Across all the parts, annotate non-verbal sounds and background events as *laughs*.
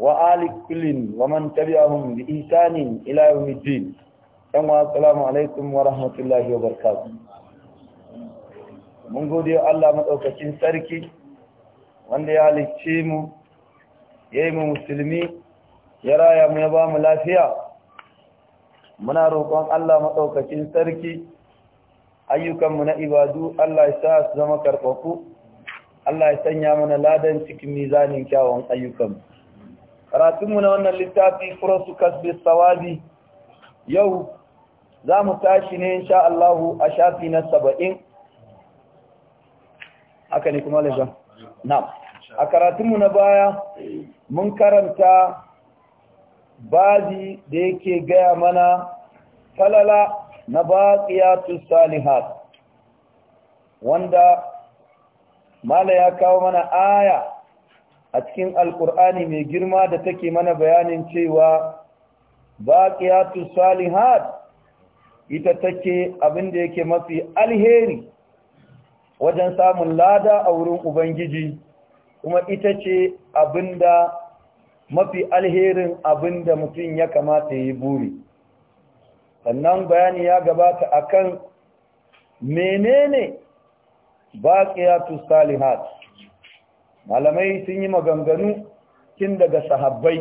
Wa'alikulin, كل ومن تبعهم بإحسان إلى يوم الدين السلام mun gode Allah maɗaukacin sarki wanda ya halicce mu ya yi mu musulmi ya raya mu ya ba mu lafiya muna roƙon Allah maɗaukacin sarki ayyukanmu na ibadu Allah ya sa su zama karɓaku Allah ya sanya mana ladan cikin mizanin kyawun ayyukanmu karatunmu na wannan littafi furasu kasbe sawabi yau za mu tashi ne insha Allahu a shafi na saba'in aka ne kuma lajan na a karatunmu na baya mun karanta bazi da yake gaya mana falala na baƙiyatu salihat wanda mala ya kawo mana aya a cikin alkur'ani mai girma da take mana bayanin cewa baqiyatu salihat ita take abin da yake mafi alheri wajen samun lada a wurin ubangiji kuma ita ce abinda mafi alherin abinda mutum ya kamata yi buri sannan bayani ya gabata akan menene baqiyatu salihat malamai sun yi maganganu kin daga sahabbai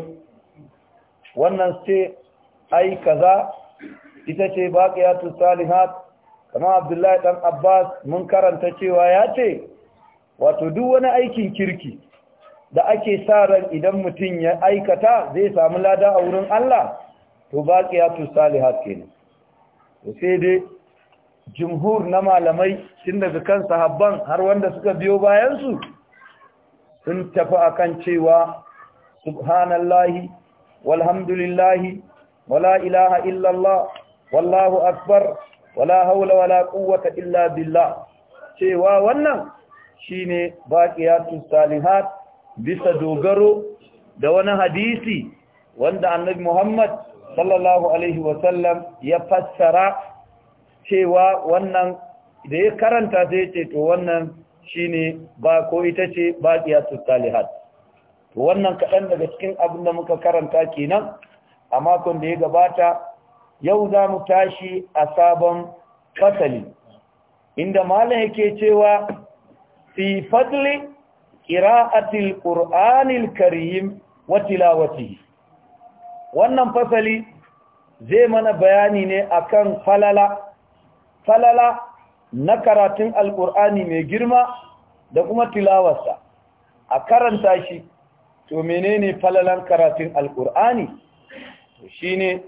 wannan ce ai kaza ita ce baqiyatu salihat kama abdullahi dan abbas mun karanta cewa ya ce wato duk wani aikin kirki da ake sa ran idan mutum ya aikata zai samu lada a wurin Allah to baqiyatu salihat kenan to sai dai jumhur na malamai tun daga kan sahabban har wanda suka biyo bayan su sun tafi akan cewa subhanallahi walhamdulillahi wala ilaha illallah wallahu akbar wala haula wala quwwata illa billah cewa wannan shine baqiyatus salihat bisa dogaro da wani hadisi wanda annabi Muhammad sallallahu alaihi sallam, ya fassara cewa wannan da ya karanta sai ce to wannan shine ba ko ita ce ba baqiyatu salihat wannan kaɗan daga cikin abin da muka karanta kenan a makon da ya gabata yau za mu tashi a sabon fasali inda malam yake cewa fi fadli qira'atil qur'anil karim wa tilawatihi wannan fasali zai mana bayani ne akan falala falala na karatun Alƙur'ani mai girma da kuma tilawarsa a karanta shi to menene falalan karatun alkur'ani to shine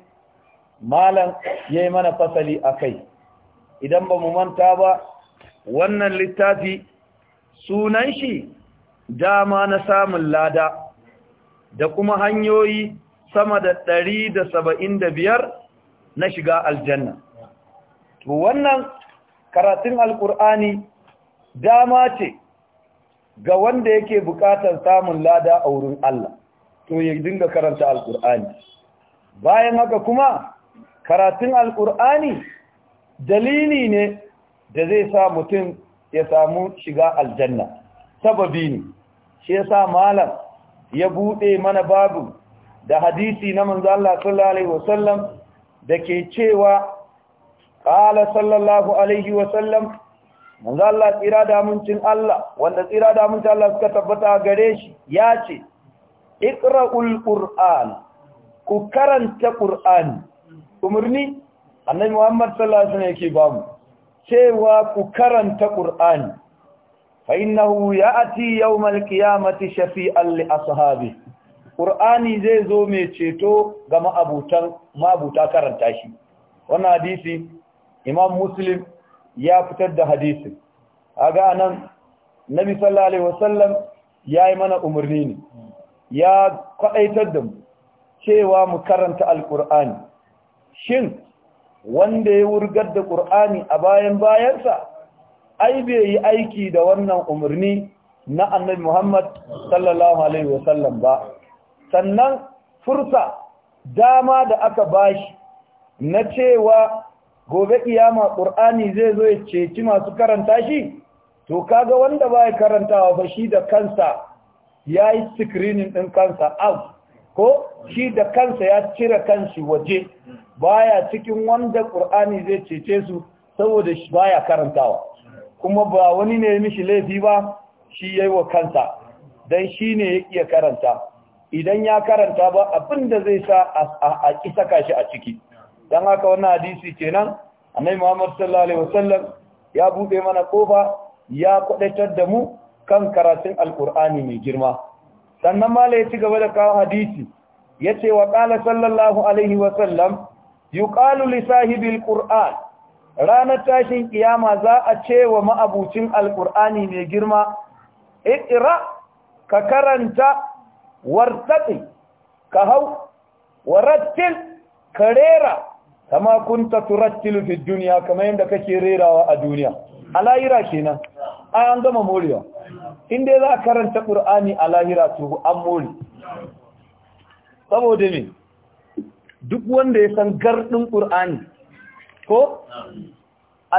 malam yi mana fasali a kai, idan ba mu manta ba wannan littafi sunan shi dama na samun lada da kuma hanyoyi sama da ɗari da saba'in da biyar na shiga aljanna to wannan karatun alkur'ani dama ce ga wanda yake bukatar samun lada a wurin Allah to ya dinga karanta alkur'ani bayan haka kuma karatun alkur'ani dalili ne da zai sa mutum ya samu shiga aljanna sababi ne shi yasa malam ya bude mana babu da hadisi na manzo Allah sallallahu alaihi wasallam da ke cewa ƙala sallallahu alaihi wasallam manzo Allah tsira da Allah wanda tsira damuncin Allah suka tabbata gare shi ya ce iqra'ul ƙur'an ku karanta qur'ani umarni annabi Muhammad sallallahu alaihi wasallam yake bamu cewa ku karanta qur'ani fa innahu ya'ti yawmal shafi shafi'an a ashabihi Ƙur'ani zai zo mai ceto ga ma'abuta karanta shi. Wannan hadisi imam muslim ya fitar da hadisi a ganan nabi sallallahu alaihi wasallam yayi mana umarni ne ya kwaɗaitar da mu cewa mu karanta alqur'ani shin wanda ya wurgar da ƙur'ani a bayan bayansa ai bai yi aiki da wannan umarni na annabi Muhammad sallallahu alaihi wasallam ba sannan fursa dama da aka bashi na cewa gobe kiyama qur'ani zai zo ya ceci masu karanta shi to kaga wanda baya karantawa ba shi da kansa yayi screening din kansa out ko shi da kansa ya cire kanshi waje baya cikin wanda qur'ani zai cece su saboda shi baya karantawa kuma ba wani ne mishi laifi ba shi yayi wa kansa dan shi ne ya iya karanta idan ya karanta ba abin da zai sa a kisa saka a ciki dan haka wannan hadisi kenan annabi Muhammad sallallahu alaihi wasallam ya bude mana kofa ya kudaitar da mu kan karatun alqur'ani mai girma sannan mala ya ci gaba da kawo hadisi yace wa qala sallallahu alaihi wasallam yuqalu li sahibil qur'an ranar tashin kiyama za a ce wa ma'abucin alqur'ani mai girma iqra ka karanta wartaqi ka hau warattil rera. kama ta turattilu fi dunya kamar yadda kake rerawa a duniya a lahira kenan ai an gama morewa inda za a karanta qur'ani a lahira to an mori saboda ne duk wanda ya san gardin qur'ani ko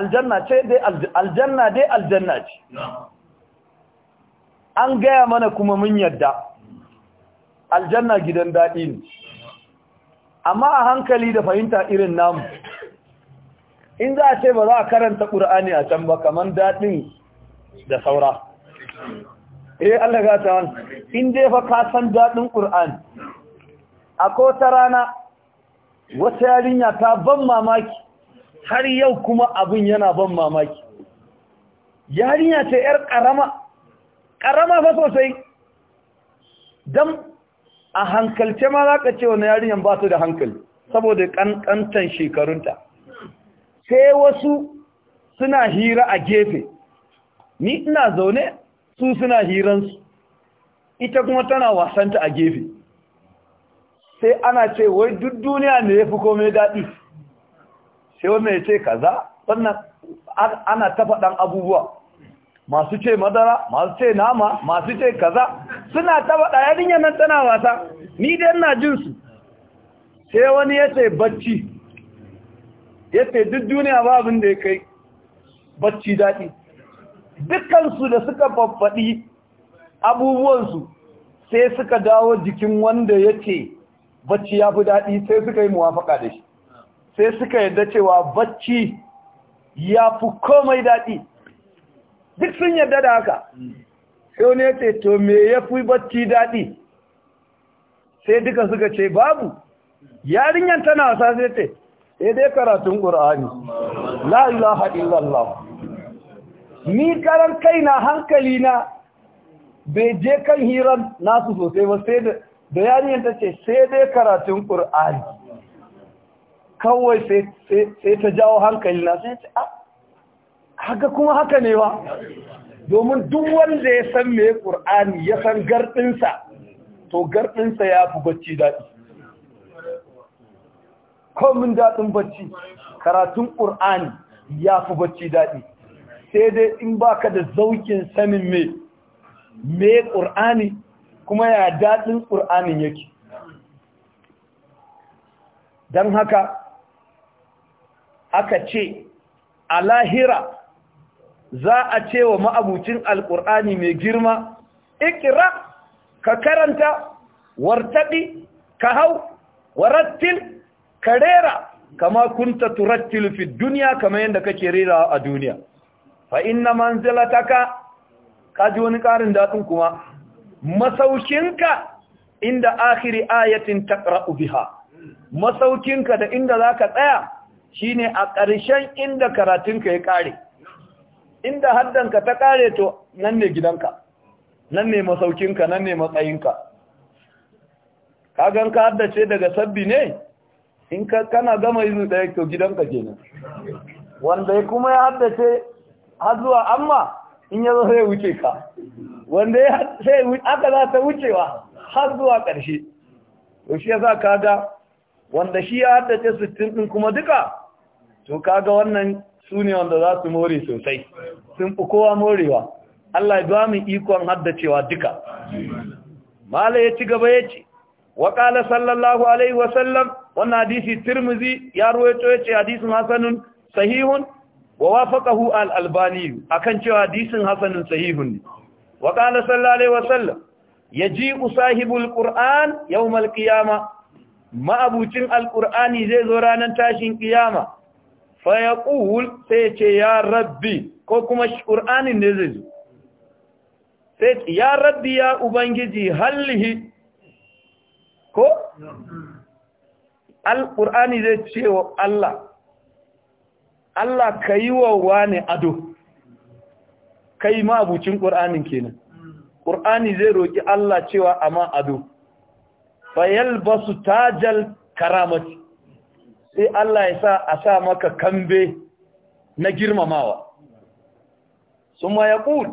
aljanna ce dai aljanna dai aljanna ce an gaya mana kuma mun yadda aljanna gidan daɗi ne amma a hankali da fahimta irin namu in za a ce ba za a karanta ƙur'ani a can ba kamar daɗin da saura eh Allah ga ta wani in dai fa ka san daɗin ƙur'ani a ta rana wata yarinya ta ban mamaki har yau kuma abin yana ban mamaki yarinya ce 'yar ƙarama ƙarama fa sosai don a hankalce ma za ka ce wani yarinyan ba su da hankali saboda kankantan shekarunta sai wasu suna hira a gefe ni ina zaune su suna hiransu ita kuma tana wasanta a gefe sai ana ce wai duk duniya ne ya fi komai daɗi sai wannan ya ce kaza wannan ana tafaɗan ɗan abubuwa masu ce madara masu ce nama masu ce kaza suna ya ɗayarin nan tana wasa ni dai na su. sai wani ya ce bacci ya ce duk duniya ba abin da ya kai bacci daɗi dukansu da suka faffaɗi abubuwansu sai suka dawo jikin wanda ya ce bacci ya fi daɗi sai suka yi muwafaka da shi sai suka yadda cewa bacci ya fi komai daɗi duk sun yarda da haka sai wani ya ce to me ya fi bacci daɗi sai duka suka ce babu yarinyar tana wasa sai ce sai eh, dai karatun ƙur'ani la illallah ni karan kai na hankali na bai je kan hiran nasu sosai ba sai da yarinyar ta ce sai dai karatun ƙur'ani kawai sai ta jawo hankali na sai ce ah, haka kuma haka ne wa domin duk wanda ya san me ƙur'ani ya san garɗinsa to garɗinsa ya fi bacci daɗi komin daɗin bacci karatun ƙur'ani ya fi bacci daɗi sai dai in baka da zaukin sanin me mai ƙur'ani kuma ya daɗin ƙur'ani yake don haka aka ce a lahira za a ce wa ma'abucin alƙur'ani mai girma ikira ka karanta wartaɗi ka hau warattil ka rera kama kun ta turattil fi duniya kama yadda kake rera a duniya fa inna manzilataka ji wani ƙarin daɗin kuma masaukinka inda akhiri ayatin taqra'u biha masaukinka da inda zaka tsaya shine a ƙarshen inda karatunka ya ƙare inda haddanka ta kare to nan ne gidanka nan ne masaukinka nan ne matsayinka kagan ka haddace daga sabbi ne in ka kana gama yin daya to gidanka kenan wanda kuma ya haddace har zuwa amma in ya zo sai wuce ka wanda ya sai aka za ta wucewa har zuwa ƙarshe to shi yasa kaga wanda shi ya haddace 60 din kuma duka to kaga wannan su ne wanda za su more sosai sun fi kowa morewa Allah ya ba mu ikon haddacewa duka mala ya ci gaba ya ce wa sallallahu alaihi wasallam wannan hadisi tirmizi ya ruwaito ya ce hadisin hasanun sahihun wa wafaqahu al-albani akan cewa hadisin hasanun sahihun ne wa ƙala sallallahu alaihi wasallam yaji'u sahibul qur'an yawmal qiyamah ma'abucin alqur'ani zai zo ranar tashin kiyama fayaqul sai ce ya rabbi ko kuma qur'anin ne zai zo sai ya rabbi ya ubangiji hallihi ko al alqur'ani zai ce wa Allah Allah kai wa wane ado kai ma abucin qur'anin kenan qur'ani zai roki Allah cewa ama ado fayalbasu tajal karamati sai Allah ya sa a sa maka kambe na girmamawa sun ma ya ƙul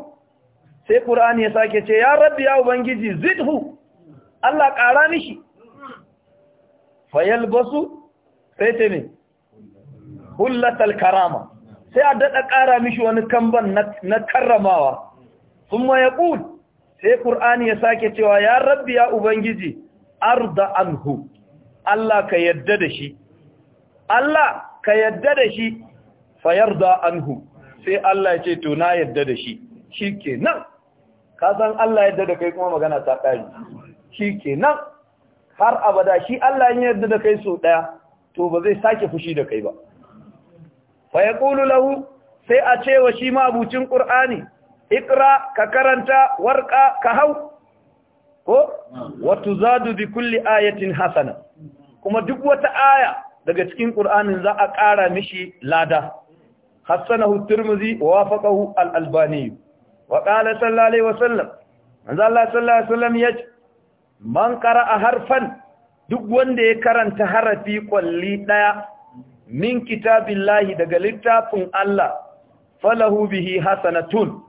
sai ƙur'ani ya sake ce ya rabbi ya ubangiji zidhu Allah ƙara nishi, fayal basu sai ta ne hulatar karama sai a daɗa ƙara mishi wani kamban na karramawa sun ma ya ƙul sai ƙur'ani ya sake cewa ya rabbi ya ubangiji arda anhu Allah ka yadda da shi Allah ka yadda da shi fayar da anhu sai Allah ya ce to na yadda da shi shi ke nan ka san Allah yadda da kai kuma magana ta ƙari shi ke nan har abada shi Allah ya yadda da kai so ɗaya to ba zai sake fushi da kai ba faya ƙulu lahu sai a ce wa shi mabucin ƙur'ani ikra ka karanta warƙa ka hau ko wata zadu bi kulli ayatin hasana kuma duk wata aya daga cikin Qur'anin za a ƙara mishi lada hassana Tirmidhi wa wafaqahu al-Albani wa qala sallallahu alaihi sallam, manzo Allah sallallahu alaihi wasallam yace man harfan duk wanda ya karanta harafi ƙwalli ɗaya, min kitabillahi daga littafin Allah falahu bihi hasanatun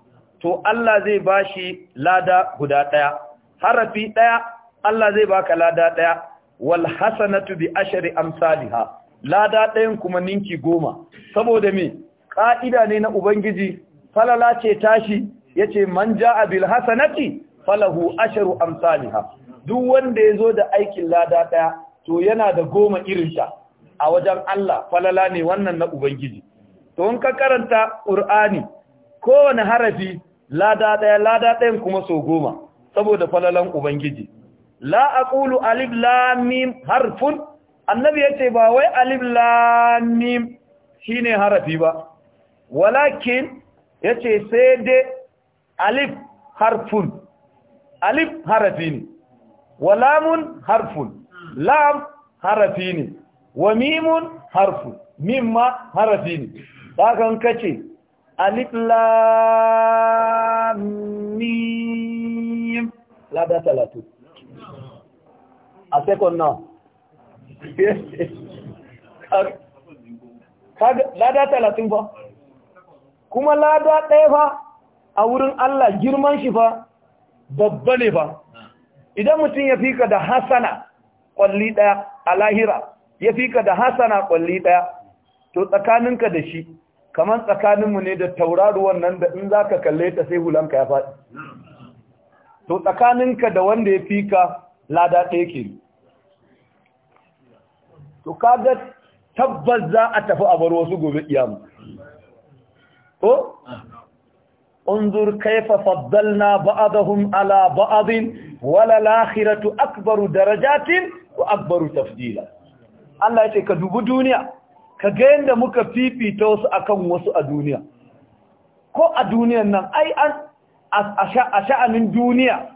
to Allah zai bashi lada guda ɗaya. harafi ɗaya, Allah zai baka lada ɗaya. wal hasanatu bi ashari amsalha lada ɗayan kuma ninki goma saboda me ka'ida ne na ubangiji falala ce tashi yace man jaa bil hasanati falahu asharu amsalha duk wanda yazo da aikin lada ɗaya to yana da goma irinta a wajen Allah falala ne wannan na ubangiji to in ka karanta qur'ani kowane harafi lada ɗaya lada ɗayan kuma so goma saboda falalan ubangiji la aqulu alif lam mim harfun annabi yace ba wai alif lam mim shine harafi ba walakin yace sai dai alif harfun alif harafi wa lamun harfun lam harafi ne wa mimun harfun mimma harafi ne an kace alif lam mim la da talatu a second now lada talatin ba kuma lada ɗaya fa a wurin Allah girman shi fa babba ne ba. idan mutum ya fi ka da hasana ƙwalli ɗaya a lahira ya fi ka da hasana kwalli ɗaya to tsakaninka da shi kamar tsakaninmu ne da tauraruwan nan da in za ka kalle ta sai hulanka ya faɗi to tsakaninka da wanda ya fi ka lada ɗaya ke to kaga tabbas za a tafi a bar wasu gobe iyamu. ko انظر كيف فضلنا ala ba'adin wala ولا akbaru darajatin درجات akbaru tafdila. Allah yace ka dubi duniya ka ga yanda muka fifita wasu akan wasu a duniya ko a duniyan nan ai an a sha'anin duniya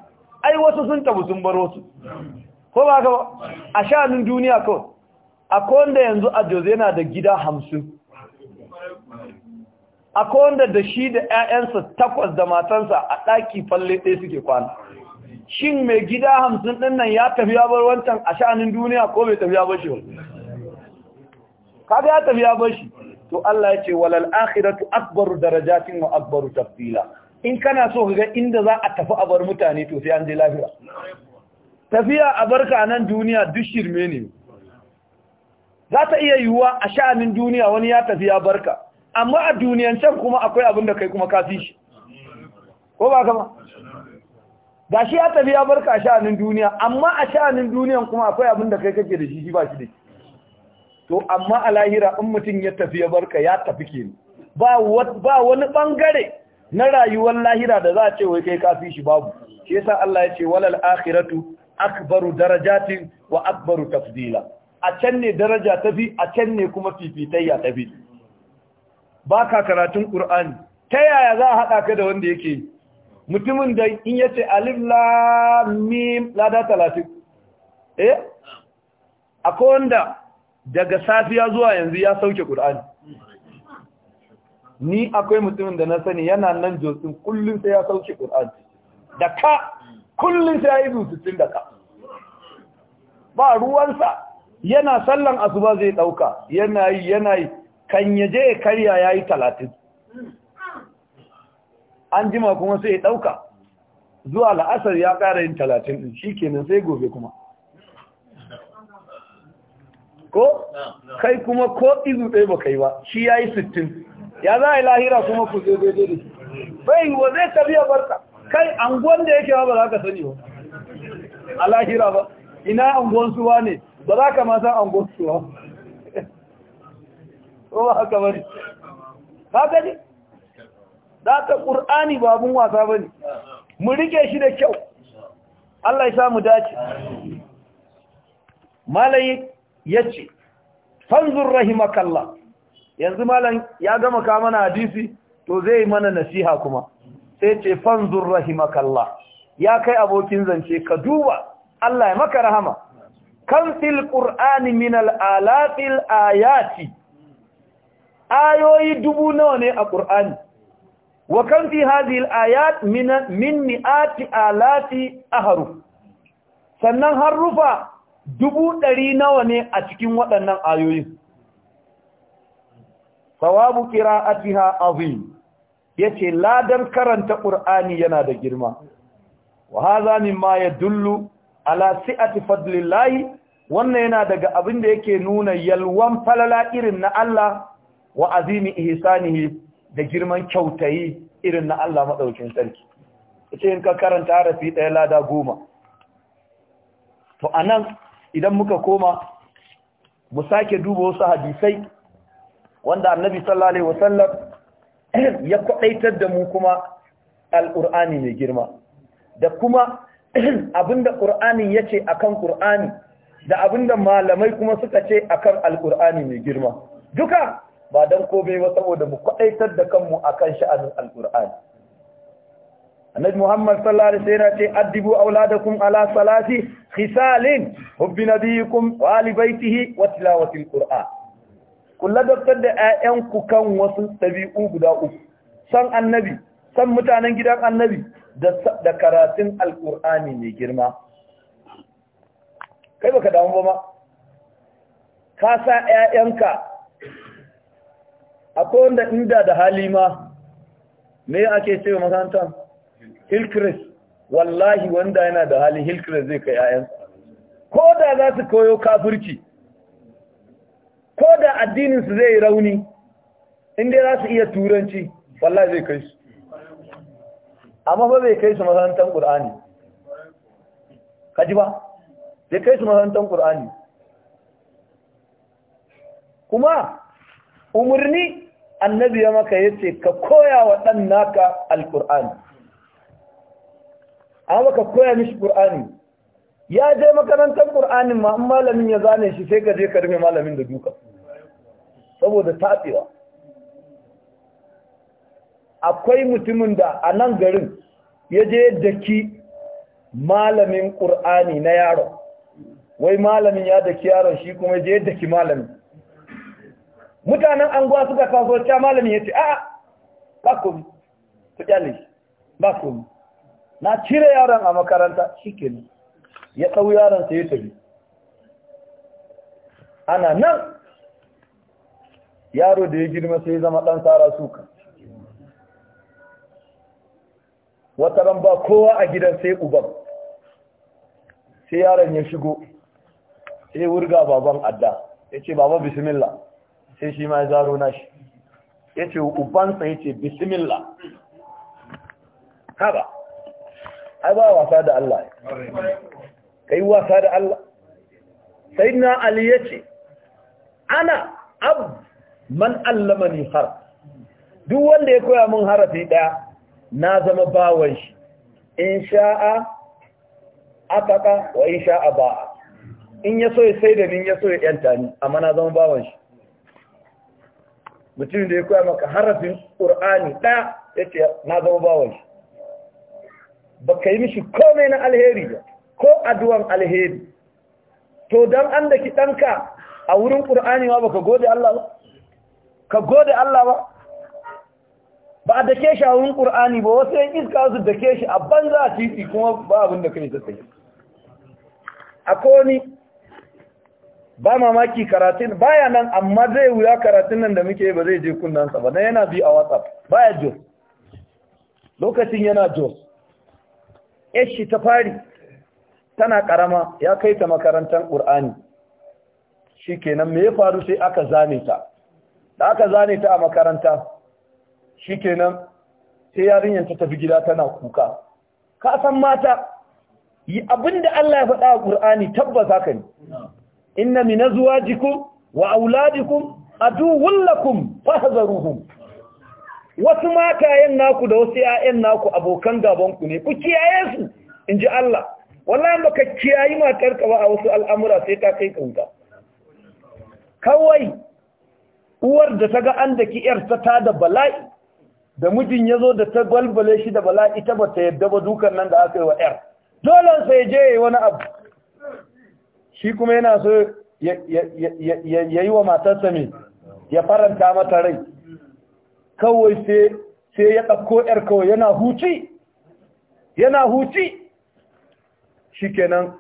ai wasu sun tabu sun bar wasu ko ba ka ba a sha'anin duniya kawai a kowanda yanzu a Jose yana da gida hamsin a kowanda da shi da 'ya'yansa takwas da matansa a ɗaki falle ɗaya suke kwana shin mai gida hamsin ɗin nan ya tafi ya bar wancan a sha'anin duniya ko bai tafi ya bar shi ba kaga ya tafi ya bar shi to Allah ya ce walal akhiratu akbaru darajatin wa akbaru tafsila in kana so ga inda za a tafi a bar mutane to sai an je lafiya tafiya a barka nan duniya duk shirme ne za ta iya yiwuwa a sha'anin duniya wani ya tafi ya barka amma a duniyancan kuma akwai abin da kai kuma kafi shi ko ba kama ga shi ya tafi ya barka a sha'anin duniya amma a sha'anin duniyan kuma akwai abin da kai kake da shi shi ba shi da shi to amma a lahira in mutum ya tafi ya barka ya tafi ke ba wani bangare na rayuwar lahira da za a ce wai kai kafi shi babu shi yasa Allah ya ce walal akhiratu akbaru darajatin wa akbaru tafdila a can ne daraja ta tafi a can ne kuma fifitayya tafi ba ka karatun ƙur'ani ta yaya za a haɗa ka da wanda yake mutumin da in ya ce alif lamim lada talatin eh akwai wanda daga safiya zuwa yanzu ya sauke ƙur'ani ni akwai mutumin da na sani yana nan jotsin kullum sai ya sauke ƙur'ani da ka kullum sai ya yi rututun da ka ba ruwansa yana sallan asuba zai dauka yana yi yana yi kan ya karya talatin. an jima kuma sai ya dauka zuwa la'asar ya ƙara yin talatin ɗin shi kenan sai gobe kuma ko kai kuma ko izu ɗaya ba kai ba shi ya yi sittin ya za a yi lahira kuma ku zai daidai da bai wa zai tafiya barka kai anguwan da yake ba ba za ka sani ba a lahira ba ina anguwan su ba ne ba za ka masan an gosuwa ba ko ba haka ne? ka gani za ka qur'ani babun wasa ne mu rike shi da kyau Allah ya sa mu dace ya ce fanzur rahimakalla yanzu malam ya gama ka mana hadisi to zai mana nasiha kuma sai ce fanzur rahimakalla ya kai abokin zance ka duba Allah ya maka rahama kan fil qur'ani min al ayati ayoyi dubu nawa ne a qur'ani wa kan fi hadhihi al ayat min min mi'ati alati ahruf sannan harufa dubu ɗari nawa ne a cikin waɗannan ayoyin sawabu qira'atiha azim yace ladan karanta ƙur'ani yana da girma wa hadha mimma dullu? ala si'ati fadlillahi wannan yana daga abin da yake nuna yalwan falala irin na Allah wa azimi ihsanihi da girman kyautayi irin na Allah madaukin sarki kace in ka karanta harafi ɗaya lada goma to anan idan muka koma mu sake duba wasu hadisai wanda annabi sallallahu alaihi wasallam ya kwaitar da mu kuma alqur'ani mai girma da kuma *clears throat* Abin da ƙur'ani ya ce akan ƙur'ani da abin da malamai kuma suka ce akan alƙur'ani mai girma duka ba don kome ba saboda mu kwaɗaitar da kanmu akan sha'anin alƙur'ani annabi muhammad sallallahu alaihi wasallam ce addibu auladakum ala salati khisalin hubbi nabiyikum wa ali baitihi wa tilawatil qur'an kullu dabtar da ƴaƴanku kan wasu ɗabi'u guda uku san annabi san mutanen gidan annabi da karatun Alƙur'ani mai girma kai baka damu ba ma ka sa 'ya'yanka akwai wanda inda da hali ma me ake ce wa makarantar hilkris wallahi wanda yana da hali hilkris zai kai 'ya'yansa ko da za su koyo kafirci ko da addininsu zai rauni inda za su iya turanci wallahi zai kai su amma ba bai kai su mazantar ƙur'ani kaji ba bai kai su makarantar ƙur'ani kuma umarni annabi ya maka ya ce ka koya wa ɗan naka alƙur'ani amma ka koya mishi ƙur'ani ya je makarantar ƙur'anin ma'amalamin malamin ya zane shi sai ka je ka rufe malamin da duka saboda taɓewa akwai mutumin da a nan garin ya je daki malamin ƙur'ani na yaron wai malamin ya daki yaron shi kuma je daki malamin mutanen anguwa suka kawo ta ah, malamin ya ce a ah, ba komi ku kyale shi ba komi na cire yaron a makaranta shi kenan ya ɗau yaron sai ya tafi ana nan yaro da ya girma sai ya zama ɗan tsara suka wata ran ba kowa a gidan sai uban sai yaron ya shigo sai wurga baban adda ya ce baba bismillah sai shi ma ya zaro nashi ya ce ubansa ya ce bismillah haba ai ba wasa da Allah kai wasa da Allah sai na Ali ya ce ana abu man allama ni har duk wanda ya koya mun harafi daya na zama bawon shi in sha'a akaka wa in sha'a ba'a in ya so ya sai da ni ya so ya yanta ni amma na zama bawon shi mutum da ya koya maka harafin ƙur'ani ɗaya ya ce na zama bawon shi ba ka yi mishi komai na alheri ba ko addu'an alheri to don an da ki ɗanka a wurin ƙur'ani ba ka gode Allah ba ka gode Allah ba ba a dake shi a wurin ƙur'ani ba wasu yan iska su dake shi a banza a titi kuma ba abin da kai sassai a koni ba mamaki karatun baya nan amma zai wuya karatun nan da muke ba zai je kunnansa ba na yana bi a whatsapp ya jos lokacin yana jos shi ta fari tana karama ya kai ta makarantar ƙur'ani shi kenan mai ya faru sai aka zane ta da aka zane ta a makaranta shikenan sai yarinyar ta tafi gida tana kuka ka san mata yi abinda Allah ya faɗa a Qur'ani tabbas haka ne inna zuwa jiku, wa auladikum aduwwun lakum fahzaruhum wasu yin naku da wasu 'ya'yan naku abokan gaban ku ne ku kiyaye su ji Allah wallahi baka kiyayi matar ka ba a wasu al'amura sai ta kai kanka kawai uwar da ta ga an daki yar ta da bala'i da mijin ya zo da ta gwalbale shi da bala'i ta bata yadda ba dukan nan da aka yi wa ‘yar dole sai je ya yi wani abu shi kuma yana so ya yi wa matarsa mai ya faranta mata rai kawai sai ya ɗauko ‘yar kawai yana huci yana huci shi kenan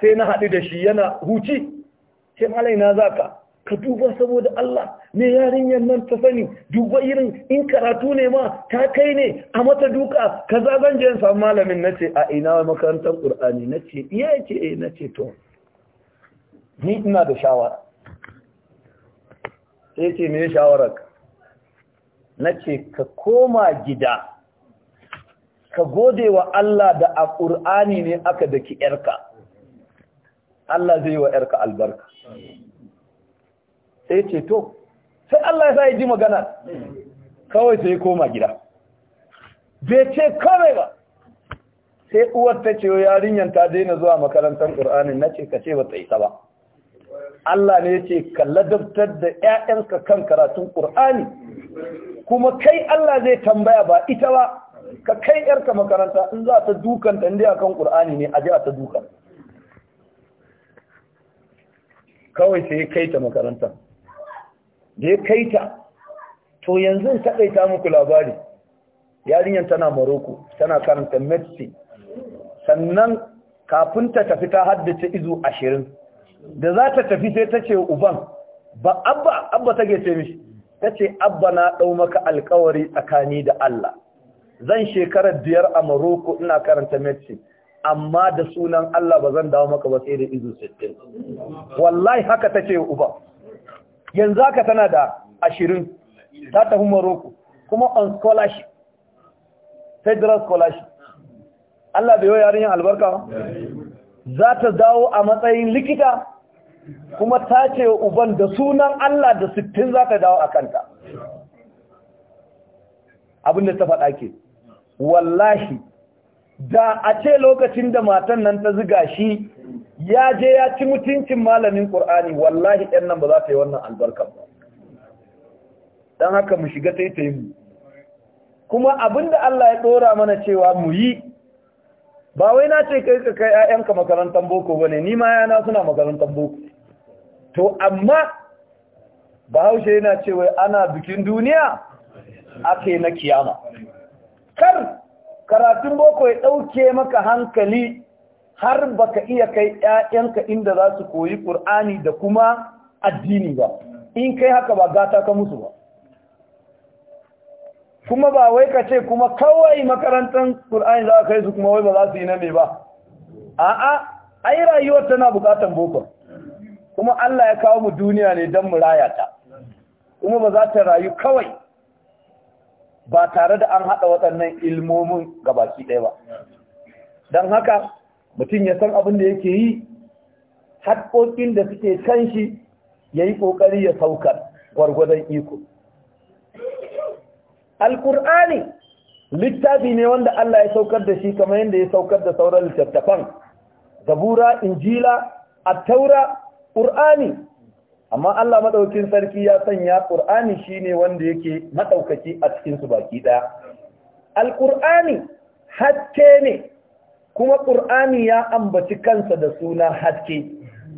sai na haɗu da shi yana huci ce malai na za ka ka duba saboda Allah mai yarinyar nan ta sani duba irin in karatu ne ma ta kai ne a mata duka Ka zan jiyan samu malamin Na ce a ina makarantar na ce iya ce Na ce to ni ina da shawara sai ce me shawarar ce ka koma gida ka gode wa Allah da a Qur'ani ne aka daki yarka Allah zai yi wa yarka albarka sai ce to sai Allah ya sa ya ji magana kawai sai ya koma gida bai ce kawai ba sai uwar ta ce yarinyar ta daina zuwa makarantar ƙur'anin na ce ka ce ba ta isa ba Allah ne ya ce ka ladabtar da 'ya'yanka kan karatun ƙur'ani kuma kai Allah zai tambaya ba ita ba ka kai 'yarka makaranta in za ta dukan ndiya kan ƙur'ani ne a je a ta dukan kawai sai kai ta makarantar. da ya kai ta to yanzu in ta muku labari yarinyar tana maroko tana karanta medicine sannan kafin ta tafi ta haddace izu ashirin da za ta tafi sai ta ce uban ba abba abba ta ce mishi ta ce abba na ɗau maka alkawari tsakani da Allah zan shekarar biyar a maroko ina karanta medicine amma da sunan Allah ba zan dawo maka ba sai da izu sittin. wallahi haka ta ce uban. yanzu haka tana da ashirin ta tafi Morocco kuma on scholarship federal scholarship Allah bai yi yarinyar albarka za ta dawo a matsayin likita kuma ta ce uban da sunan Allah da sittin za ta dawo a kanta abinda ta faɗa ke wallahi da a ce lokacin da matan nan ta ziga shi ya je ya ci mutuncin malamin ƙur'ani wallahi ɗan nan ba za ta yi wannan albarkar ba don haka mu shiga yi mu kuma da Allah ya ɗora mana cewa mu yi ba wai na ce kai kai 'ya'yanka makarantar boko ba ne ni ma yana suna makarantar boko to amma bahaushe yana cewa ana bikin duniya ake na kiyama kar karatun boko ya ɗauke maka hankali har baka iya kai 'ya'yanka inda za su koyi ƙur’ani da kuma addini ba in kai haka ba gata ka musu ba kuma ba wai ka ce kuma kawai makarantar ƙur'ani za a kai su kuma wai ba za su yi na me ba a'a ai rayuwar tana buƙatar boko kuma Allah ya kawo mu duniya ne don mu raya ta kuma ba za ta rayu kawai ba tare da an haɗa waɗannan ilmomin gabaki ɗaya ba don haka mutum ya san abin da yake yi haƙoƙin da suke kan shi ya yi ƙoƙari ya sauka gwargwadon iko Al’ur'ani littafi ne wanda Allah ya saukar da shi kamar yadda ya saukar da sauran littattafan zabura injila attaura ƙur'ani amma Allah maɗaukin sarki ya sanya ƙur'ani shi ne wanda yake maɗaukaki a cikinsu baki ɗaya Al’ur'ani haske ne kuma ƙur'ani ya ambaci kansa da sunan haske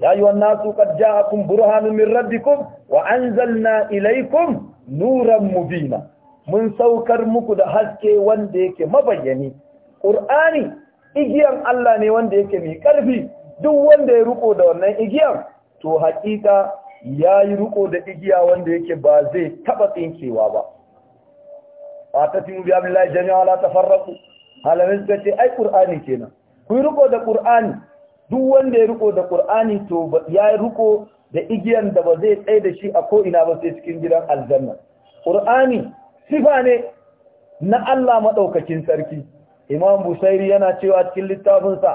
ya yi wannan su ƙarja akun burhanu min rabbikum wa an zalna ilaikum nuran mubina mun saukar muku da haske wanda yake mabayyani ƙur'ani igiyan Allah ne wanda yake mai ƙarfi duk wanda ya riko da wannan igiyan to haƙiƙa ya yi riko da igiya wanda yake ba zai taɓa tsinkewa ba. Fatatin biya min lai jami'a la tafarraku malamai suka ce ai qur'ani kenan ku riko da qur'ani duk wanda ya riko da qur'ani to ya riko da igiyan da ba zai tsaye da shi a ko ina ba sai cikin gidan aljanna qur'ani sifa ne na Allah madaukakin sarki imam busairi yana cewa cikin littafinsa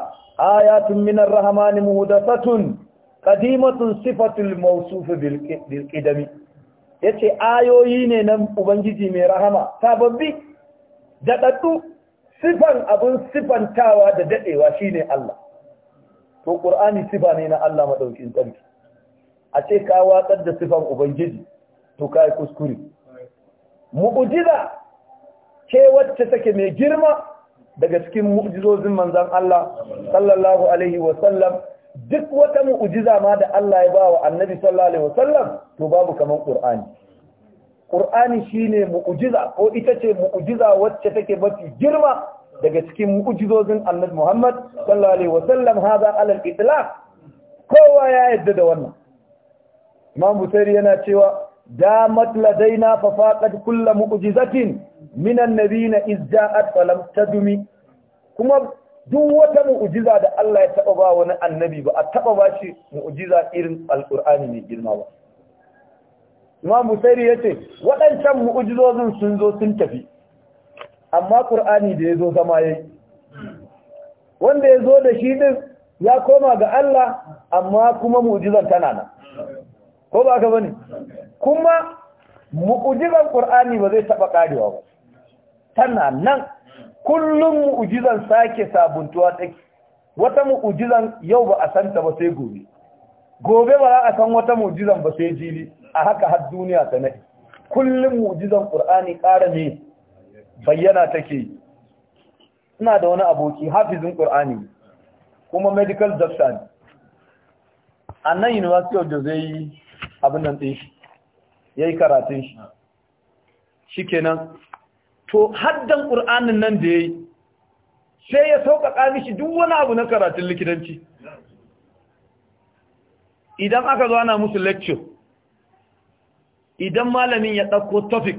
ayatun minar rahmani muhdathatun qadimatun sifatul mawsuf bil qidami yace ayoyi ne nan ubangiji mai rahama sababbi dadu sifan abin sifantawa da dadewa shine Allah to ƙur'ani sifa ne na Allah maɗaukin tsarki a ce ka watsar da sifan ubangiji to kai kuskure Mu'ujiza ce wacce take mai girma daga cikin mu'ujizozin manzan Allah sallallahu alaihi wasallam, duk wata mu'ujiza ma da Allah ya ba wa annabi sallallahu alaihi wasallam, to babu kamar ƙur'ani Qur'ani shine mu'ujiza ko ita ce mu'ujiza wacce take mafi girma daga cikin mu'jizozin Annabi Muhammad sallallahu alaihi wasallam hada alal itlaq kowa ya yadda da wannan Imam Bukhari yana cewa damat ladaina fa faqad kullu mu'jizatin min annabiyina izja'at fa lam tadumi kuma duk wata mu'jiza da Allah ya taba ba wani annabi ba a taba ba shi mu'jiza irin qurani mai girma ba ma musairi ya ce waɗancan mu'ujizozin sun zo sun tafi amma ƙur'ani da ya zo zama ya wanda ya zo da shi ɗin ya koma ga Allah amma kuma mu'ujizan tana nan ko ba ka bane kuma mu'ujizan ƙur'ani ba zai taɓa ƙarewa ba tana nan kullum mu'ujizan sake sabuntuwa take wata mu'ujizan yau ba a santa ba sai gobe gobe ba za a san wata mu'ujizan ba sai jili a haka har duniya ta nadi kullum mu'jizan qur'ani ƙara ne bayyana take ina da wani aboki hafizin qur'ani kuma medical doctor ne a nan university of jose abin nan ɗin shi ya yi karatun shi shi kenan to haddan ƙur'anin nan da ya yi sai ya sauƙaƙa mishi duk wani abu na karatun likitanci idan aka zo ana musu lecture idan malamin ya ɗauko topic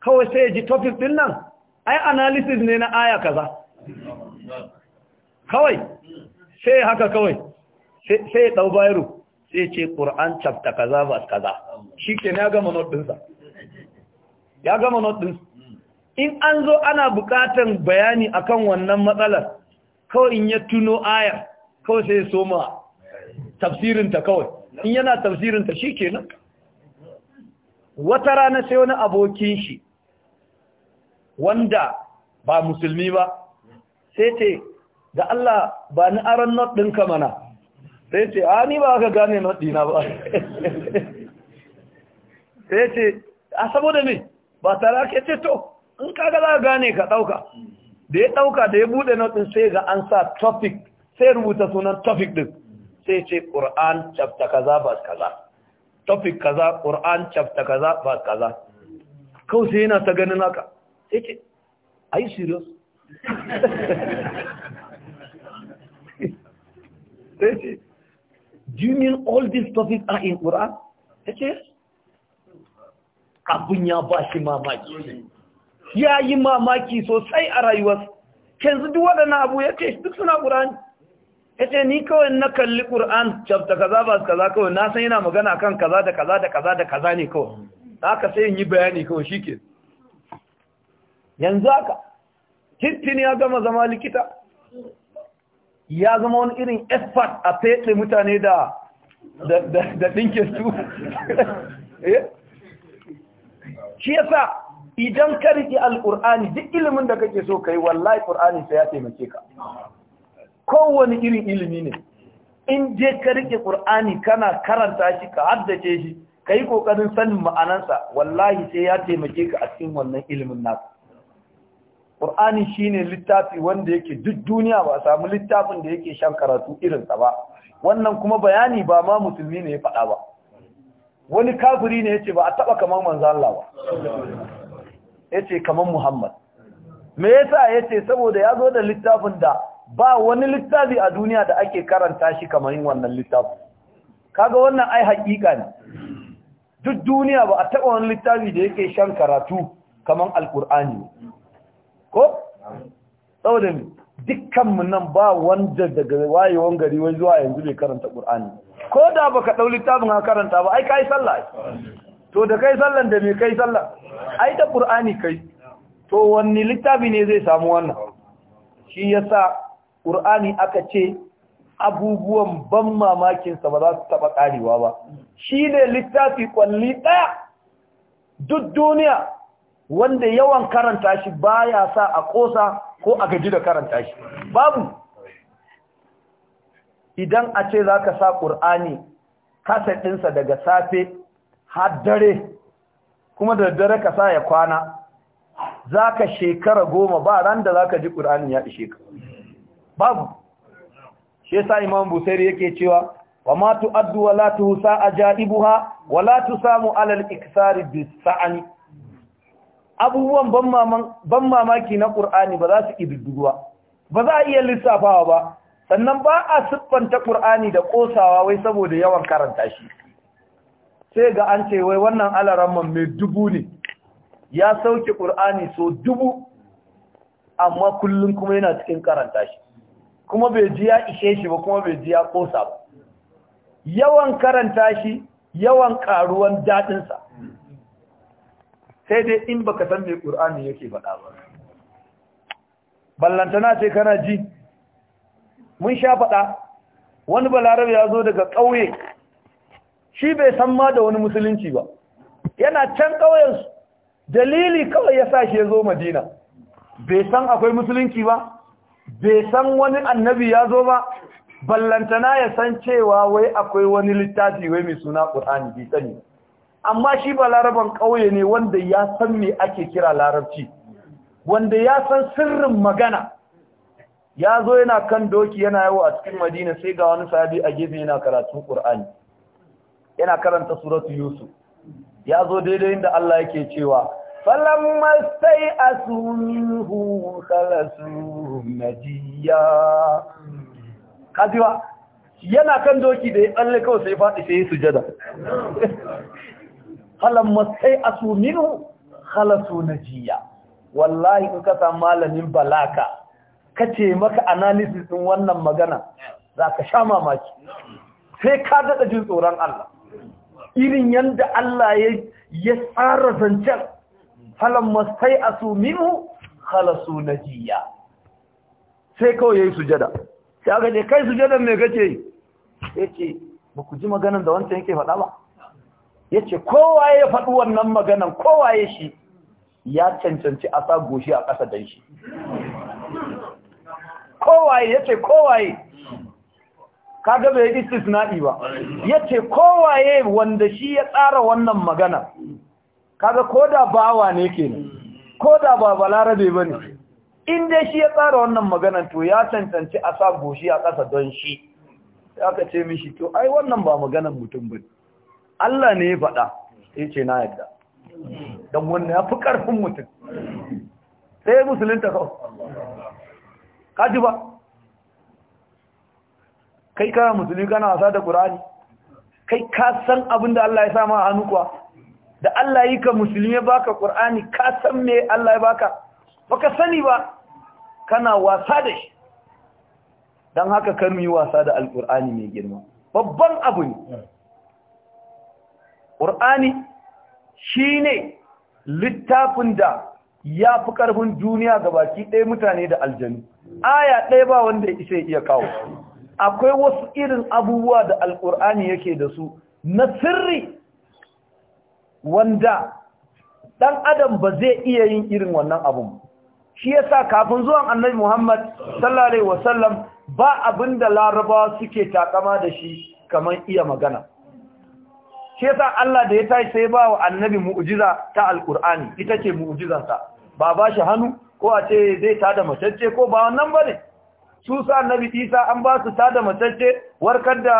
kawai sai ya ji topic ɗin nan ai analysis ne na aya kaza kawai sai haka kawai sai ya ɗau bayro sai ce ƙur'an chapter kaza ba kaza shi ke ya gama notinsa ya gama notinsa in an zo ana buƙatan bayani akan wannan matsalar kawai in ya tuno ayar kawai sai ya soma tafsirinta kawai in yana tafsirinta shi kenan wata rana sai wani abokin shi wanda ba musulmi ba sai ce da Allah ba ni aron not ɗinka mana sai ce a ni ba ka gane not dina ba *laughs* sai ce a saboda me ba tare ke ce to in kaga gaza gane ka ɗauka da ya ɗauka da ya buɗe not ɗin sai ga an sa topic sai rubuta sunan topic din? sai ce ƙur'an chapter kaza ba kaza topic kaza Qur'an chapter kaza ba kaza Kau sai yana ta ganin haka sai ce are serious *laughs* sai ce do you mean all these topics are in Qur'an sai ce abun ya ba shi mamaki ya yi mamaki sosai a rayuwarsa yanzu duk waɗannan abu ya ce duk suna Qur'ani ce ni kawai na kalli Qur'an chapter kaza ba kaza kawai na san yana magana kan kaza da kaza da kaza da kaza ne kawai haka sai yi bayani kawai shi ke. yanzu haka Tintin ya gama zama likita ya zama wani irin expert a fete mutane da ɗinke su *laughs* eh? shi sa idan ka riƙe al'ur'ani duk ilimin da kake so ka yi wallahi ƙur'ani sai ya taimake ka kowane irin ilimi ne in je ka rike qur'ani kana karanta shi ka haddace shi kai kokarin sanin ma'anansa wallahi sai ya taimake ka a cikin wannan ilimin naka qur'ani shine littafi wanda yake duk duniya ba samu littafin da yake shan karatu irinsa ba wannan kuma bayani ba ma musulmi ne ya faɗa ba wani kafiri ne yace ba a taba kaman manzo Allah ba yace kaman Muhammad me yasa yace saboda ya zo da littafin da ba wani littafi a duniya da ake karanta shi kamar wannan littafi kaga wannan ai hakika ne duk duniya ba a taɓa wani littafi da yake shan karatu kamar alƙur'ani ko? saboda mu nan ba wanda daga wayewan gari wai zuwa yanzu bai karanta ƙur'ani ko da ba ka ɗau littafin ha karanta ba ai kai sallah to da kai sallan da me kai sallah ai da ƙur'ani kai to wani littafi ne zai samu wannan shi yasa ƙur'ani aka ce abubuwan ban mamakinsa ba za su taɓa ƙarewa ba shi ne littafi ƙwalli ɗaya duk duniya wanda yawan karanta shi baya sa a ƙosa ko a gaji da karanta shi babu idan a ce za ka sa ƙur'ani kasaɗinsa daga safe har dare kuma da dare ka sa ya kwana za ka shekara goma ba ran da za ka ji ƙur'ani ya ishe ka babu shi yasa imam busairi yake cewa wa ma tu'addu wa la tuhsa ajaibuha wa la tusamu ala al-iksari bis-sa'ani abubuwan ban mamaki na qur'ani ba za su idduwa ba za a iya lissafawa ba sannan ba a siffanta qur'ani da kosawa wai saboda yawan karanta shi sai ga an ce wai wannan alaramman mai dubu ne ya sauke qur'ani so dubu amma kullun kuma yana cikin karanta shi kuma bai ji ya ishe shi ba kuma bai ji ya kosa ba yawan karanta shi yawan ƙaruwan daɗinsa sai dai in baka san mai ƙur'ani yake faɗa ba ballantana ce kana ji mun sha faɗa wani balarabe ya zo daga ƙauye shi bai san ma da wani musulunci ba yana can ƙauyensu dalili kawai ya sa shi ya zo madina bai san akwai musulunci ba bai san wani annabi ya zo ba ballantana ya san cewa wai akwai wani littafi wai mai suna ƙur'ani bai sani amma shi ba laraban ƙauye ne wanda ya san me ake kira larabci wanda ya san sirrin magana ya zo yana kan doki yana yawo a cikin madina sai ga wani sabi a gefe yana karatun ƙur'ani yana karanta suratu yusuf ya zo daidai inda Allah yake cewa *laughs* فلما استيئسوا منه خلصوا نجيا kajiwa yana kan doki da ya tsalle kawai sai faɗi sai sujada falamma a minhu khalasu najiya wallahi in ka samu malamin balaka kace maka analysis din wannan magana zaka sha mamaki sai ka dada jin tsoron Allah irin yadda Allah ya ya tsara zancen falamma sai'asu minhu khalasu najiya sai kawai yayi sujada sai aka ce kai sujadan me Ya yace ba ku ji maganan da wancan yake faɗa ba yace kowa ya faɗi wannan maganan kowa ya shi ya cancanci a sa goshi a ƙasa dan shi kowaye yace kowaye ga bai istisna'i ba yace kowaye wanda shi ya tsara wannan magana kaga ko da bawa ne kenan ko da ba balarabe ba ne in dai shi ya tsara wannan maganan to ya cancanci a sa goshi a ƙasa don shi Ya ka ce mishi to ai wannan ba maganan mutum ba Allah ne ya faɗa ya ce na yadda don wannan ya fi ƙarfin mutum sai musulunta kawai ba kai kana musulmi kana wasa da ƙurani kai ka san abin da Allah ya sa ma hannu kuwa da Allah yi ka musulmi baka ƙur'ani ka san me Allah ya baka baka sani ba kana wasa da shi Don haka kan yi wasa da alƙur'ani mai girma babban abu ne shi ne littafin da ya fi karfin duniya gabaki ɗaya mutane da aljanu aya ɗaya ba wanda isa iya kawo akwai wasu irin abubuwa da alƙur'ani yake da su na sirri wanda dan adam ba zai iya yin irin wannan abun shi yasa kafin zuwan annabi Muhammad sallallahu alaihi wasallam ba abinda larabawa suke takama da shi kamar iya magana shi yasa Allah da ya tashi sai ba wa annabi mu'jiza ta alqur'ani ita ce mu'jizarsa ba ba shi hannu ko a ce zai tada matacce ko ba wannan ba ne? su sa annabi isa an ba su tada matacce warkar da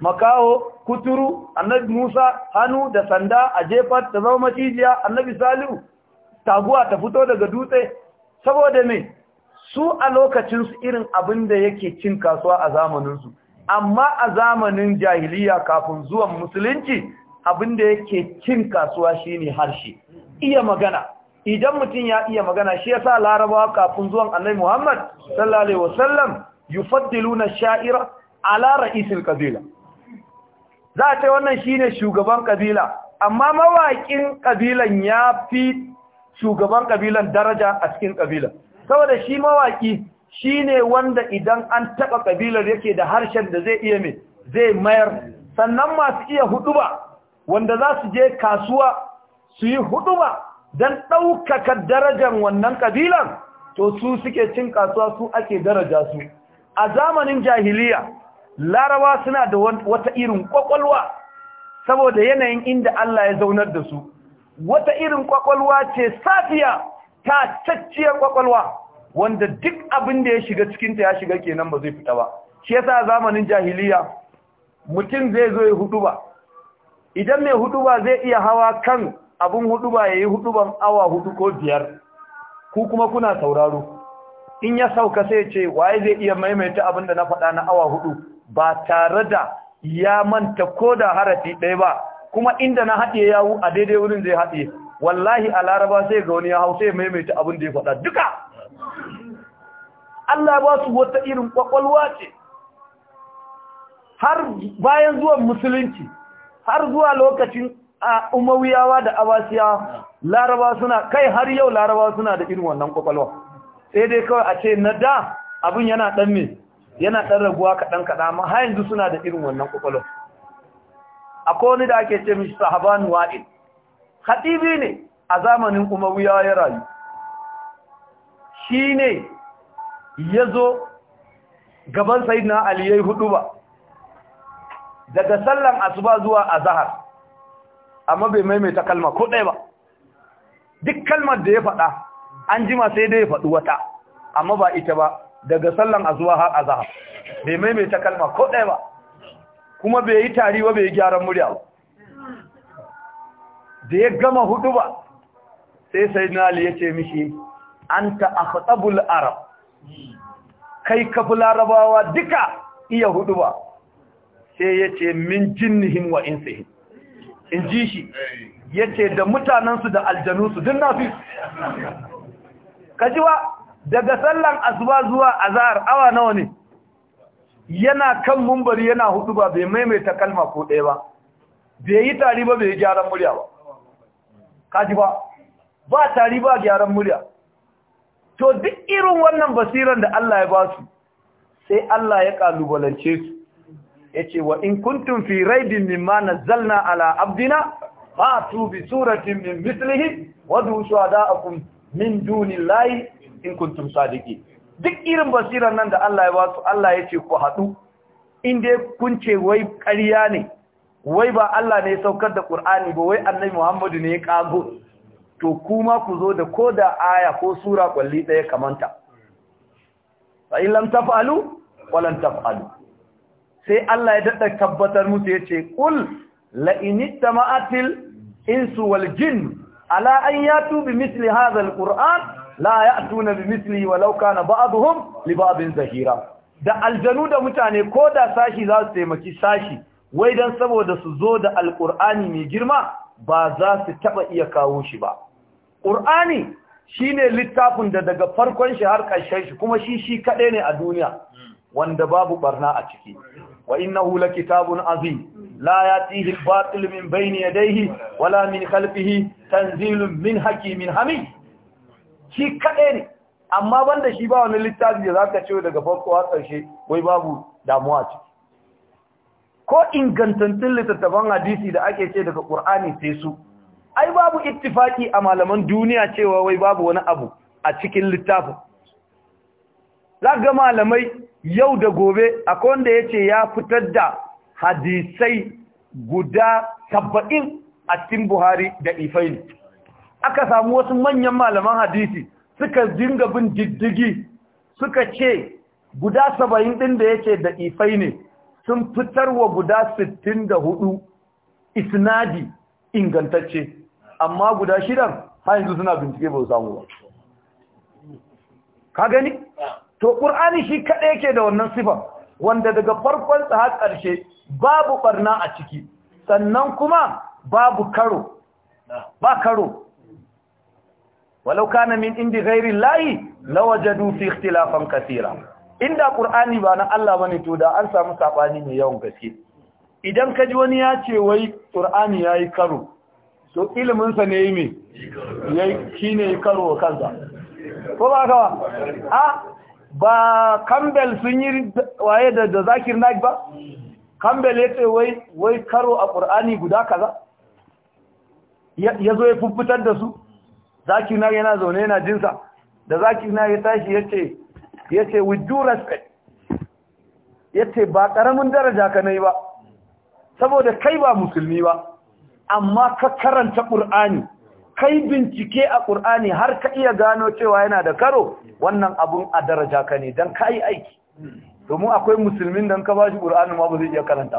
makaho kuturu annabi musa hannu da sanda a jefar ta zama macijiya annabi salihu taguwa ta fito daga dutse saboda mai su a lokacinsu irin abin da yake cin kasuwa a zamaninsu amma a zamanin jahiliya kafin zuwan musulunci abin da yake cin kasuwa shine harshe iya magana idan mutum ya iya magana shi yasa larabawa kafin zuwan annabi Muhammad sallallahu alaihi wasallam yufaddiluna sha'ira ala ra'isil kabila za a ce wannan shine shugaban kabila amma mawaƙin kabilan ya fi shugaban kabilan daraja a cikin kabila saboda shi mawaƙi shi ne wanda idan an taɓa kabilar yake da harshen da zai iya mai zai mayar sannan masu iya huduba wanda za su je kasuwa su yi huduba don ɗaukaka darajar wannan ƙabilan to su suke cin kasuwa su ake daraja su a zamanin jahiliya larawa suna da wata irin ƙwaƙwalwa saboda yanayin inda Allah ya zaunar da su wata irin ƙwaƙwalwa ce safiya ta cacciyar ƙwaƙwalwa wanda duk abin da ya shiga cikinta ya shiga kenan ba zai fita ba shi yasa zamanin jahiliya mutum zai zo ya hudu ba idan mai hudu ba zai iya hawa kan abun hudu ba yayi hudu ban awa hudu ko biyar ku kuma kuna sauraro in ya sauka sai ce waye zai iya maimaita abin da na faɗa na awa hudu ba tare da ya manta ko da harafi ɗaya ba kuma inda na haɗe yawu a daidai wurin zai haɗe wallahi a laraba sai ga wani ya hau sai maimaita abin da ya faɗa duka Allah ba su wata irin kwakwalwa ce har bayan zuwan musulunci har zuwa lokacin a umawiyawa da abasiya laraba suna kai har yau laraba suna da irin wannan kwakwalwa sai dai kawai a ce na da abin yana dan me yana dan raguwa kaɗan kaɗan amma har yanzu suna da irin wannan kwakwalwa akwai wani da ake ce mishi sahaban wa'id hadibi ne a zamanin umawiyawa ya rayu shi ne ya zo gaban sayidina ali ya yi hudu daga sallan asuba zuwa azahar amma bai maimaita kalma ko ɗaya ba duk kalmar da ya faɗa an jima sai dai ya faɗi wata amma ba ita ba daga sallan a zuwa har zaha. bai maimaita kalma ko ɗaya ba kuma bai yi tari ba bai yi gyaran murya ba da ya gama hudu ba sai sayyidina ali ya ce mishi an anta akhtabul arab kai ka fi larabawa duka iya hudu ba sai ya ce min jinnihim wa insihim in ji shi yace ce da mutanensu da aljanunsu duk na fi kajiwa daga sallan asuba zuwa azahar awa nawa ne yana kan mumbari yana hudu ba bai maimaita kalma ko ɗaya ba bai yi tari ba bai gyaran murya ba kaji ba ba tari ba gyaran murya to duk irin wannan basiran da Allah ya ba su sai Allah ya kalubalance su yace wa in kuntum fi raibin mimma nazzalna ala abdina tu bi suratin min mithlihi wadu shuhada'akum min dunillahi in kuntum sadiqi duk irin basiran nan da Allah ya basu Allah ya ce ku hadu in dai kun ce wai ƙarya ne wai ba Allah ne ya saukar da Qur'ani ba wai Annabi Muhammadu ne ya kago to kuma ku zo da koda aya ko sura kwalli daya kamanta fa in lam taf'alu wa taf'alu sai Allah ya daɗa tabbatar musu ya ce ƙul la'inita ma'atil insu wal jin ala an ya tubi misli hazal ƙur'an la ya tuna bi misli lauka na ba'aduhun li ba'adun zahira da aljanu da mutane ko da sashi za su taimaki sashi wai don saboda su zo da alƙur'ani mai girma ba za su taɓa iya kawo shi ba ƙur'ani shi ne littafin da daga farkon shi har ƙarshen shi kuma shi shi kaɗai ne a duniya wanda babu ɓarna a ciki وإنه لكتاب عظيم لا يأتيه الباطل من بين يديه ولا من خلفه تنزيل من حكيم حميد shi kaɗai ne amma banda shi ba wani littafi da za ka ce daga farko a ƙarshe wai babu damuwa ce ko ingantattun littattafan hadisi da ake ce daga ƙur'ani sai su ai babu ittifaki a malaman duniya cewa wai babu wani abu a cikin littafin za ga malamai yau da gobe akwai wanda ya ce ya fitar da hadisai guda saba'in a cikin buhari da ifaili aka samu wasu manyan malaman hadisi suka dinga bin diddigi suka ce guda saba'in ɗin da ya ce da ifai ne sun wa guda sittin da hudu isnadi ingantacce amma guda shidan har suna bincike ba samu ba ka gani to ƙur'ani shi kaɗai yake da wannan sifan wanda daga farkon sa har ƙarshe babu ɓarna a ciki sannan kuma babu karo ba karo walau kana min indi ghairi na lawajadu fi ikhtilafan kathira inda qur'ani ba na Allah bane to da an samu saɓani mai yawan gaske idan ka ji wani ya ce wai qur'ani yayi karo to iliminsa sa ne yi me yayi shine yi karo kansa ko ba ka a ba Campbell sun yi waye da da Zakir Naik ba Campbell ya ce wai wai karo a Qur'ani guda kaza ya zo ya fuffutar da su Zakir Naik yana zaune yana jinsa da Zakir Naik ya tashi yace yace with due respect yace ba karamin daraja ka nayi ba saboda kai ba musulmi ba amma ka karanta Qur'ani kai bincike a ƙur'ani har ka iya gano cewa yana da karo wannan abun a daraja ka ne don ka yi aiki domin akwai musulmin don ka ba shi ƙur'ani ma ba zai iya karanta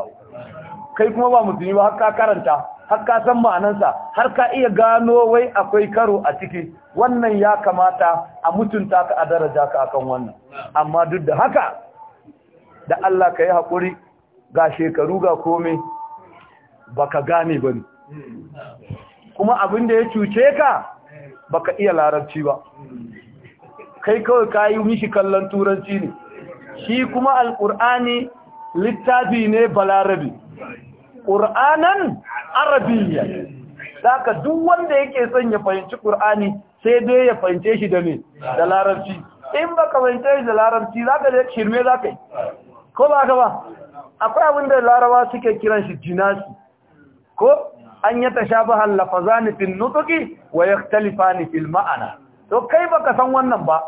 kai kuma ba musulmi ba har ka karanta har ka san ma'anansa har ka iya gano wai akwai karo a ciki wannan ya kamata a mutunta ka a daraja ka akan wannan amma duk da haka da Allah ka yi hakuri ga shekaru ga komai baka gane ba ne kuma abin da ya cuce ka baka iya larabci ba kai kawai kayi mishi kallon turanci ne shi kuma alqur'ani littafi ne balarabi ƙur'anan arabiyya ka duk wanda yake son ya fahimci ƙur'ani sai dai ya fahimce shi da ne da larabci in ba ka fahimce shi da larabci za ka da shirme za ka yi ko ba ka ba akwai abin da laraba suke kiran shi jinasi ko an yatashabaha al-lafazan fi an-nutqi wa yakhtalifan fi al-ma'na to kai baka san wannan ba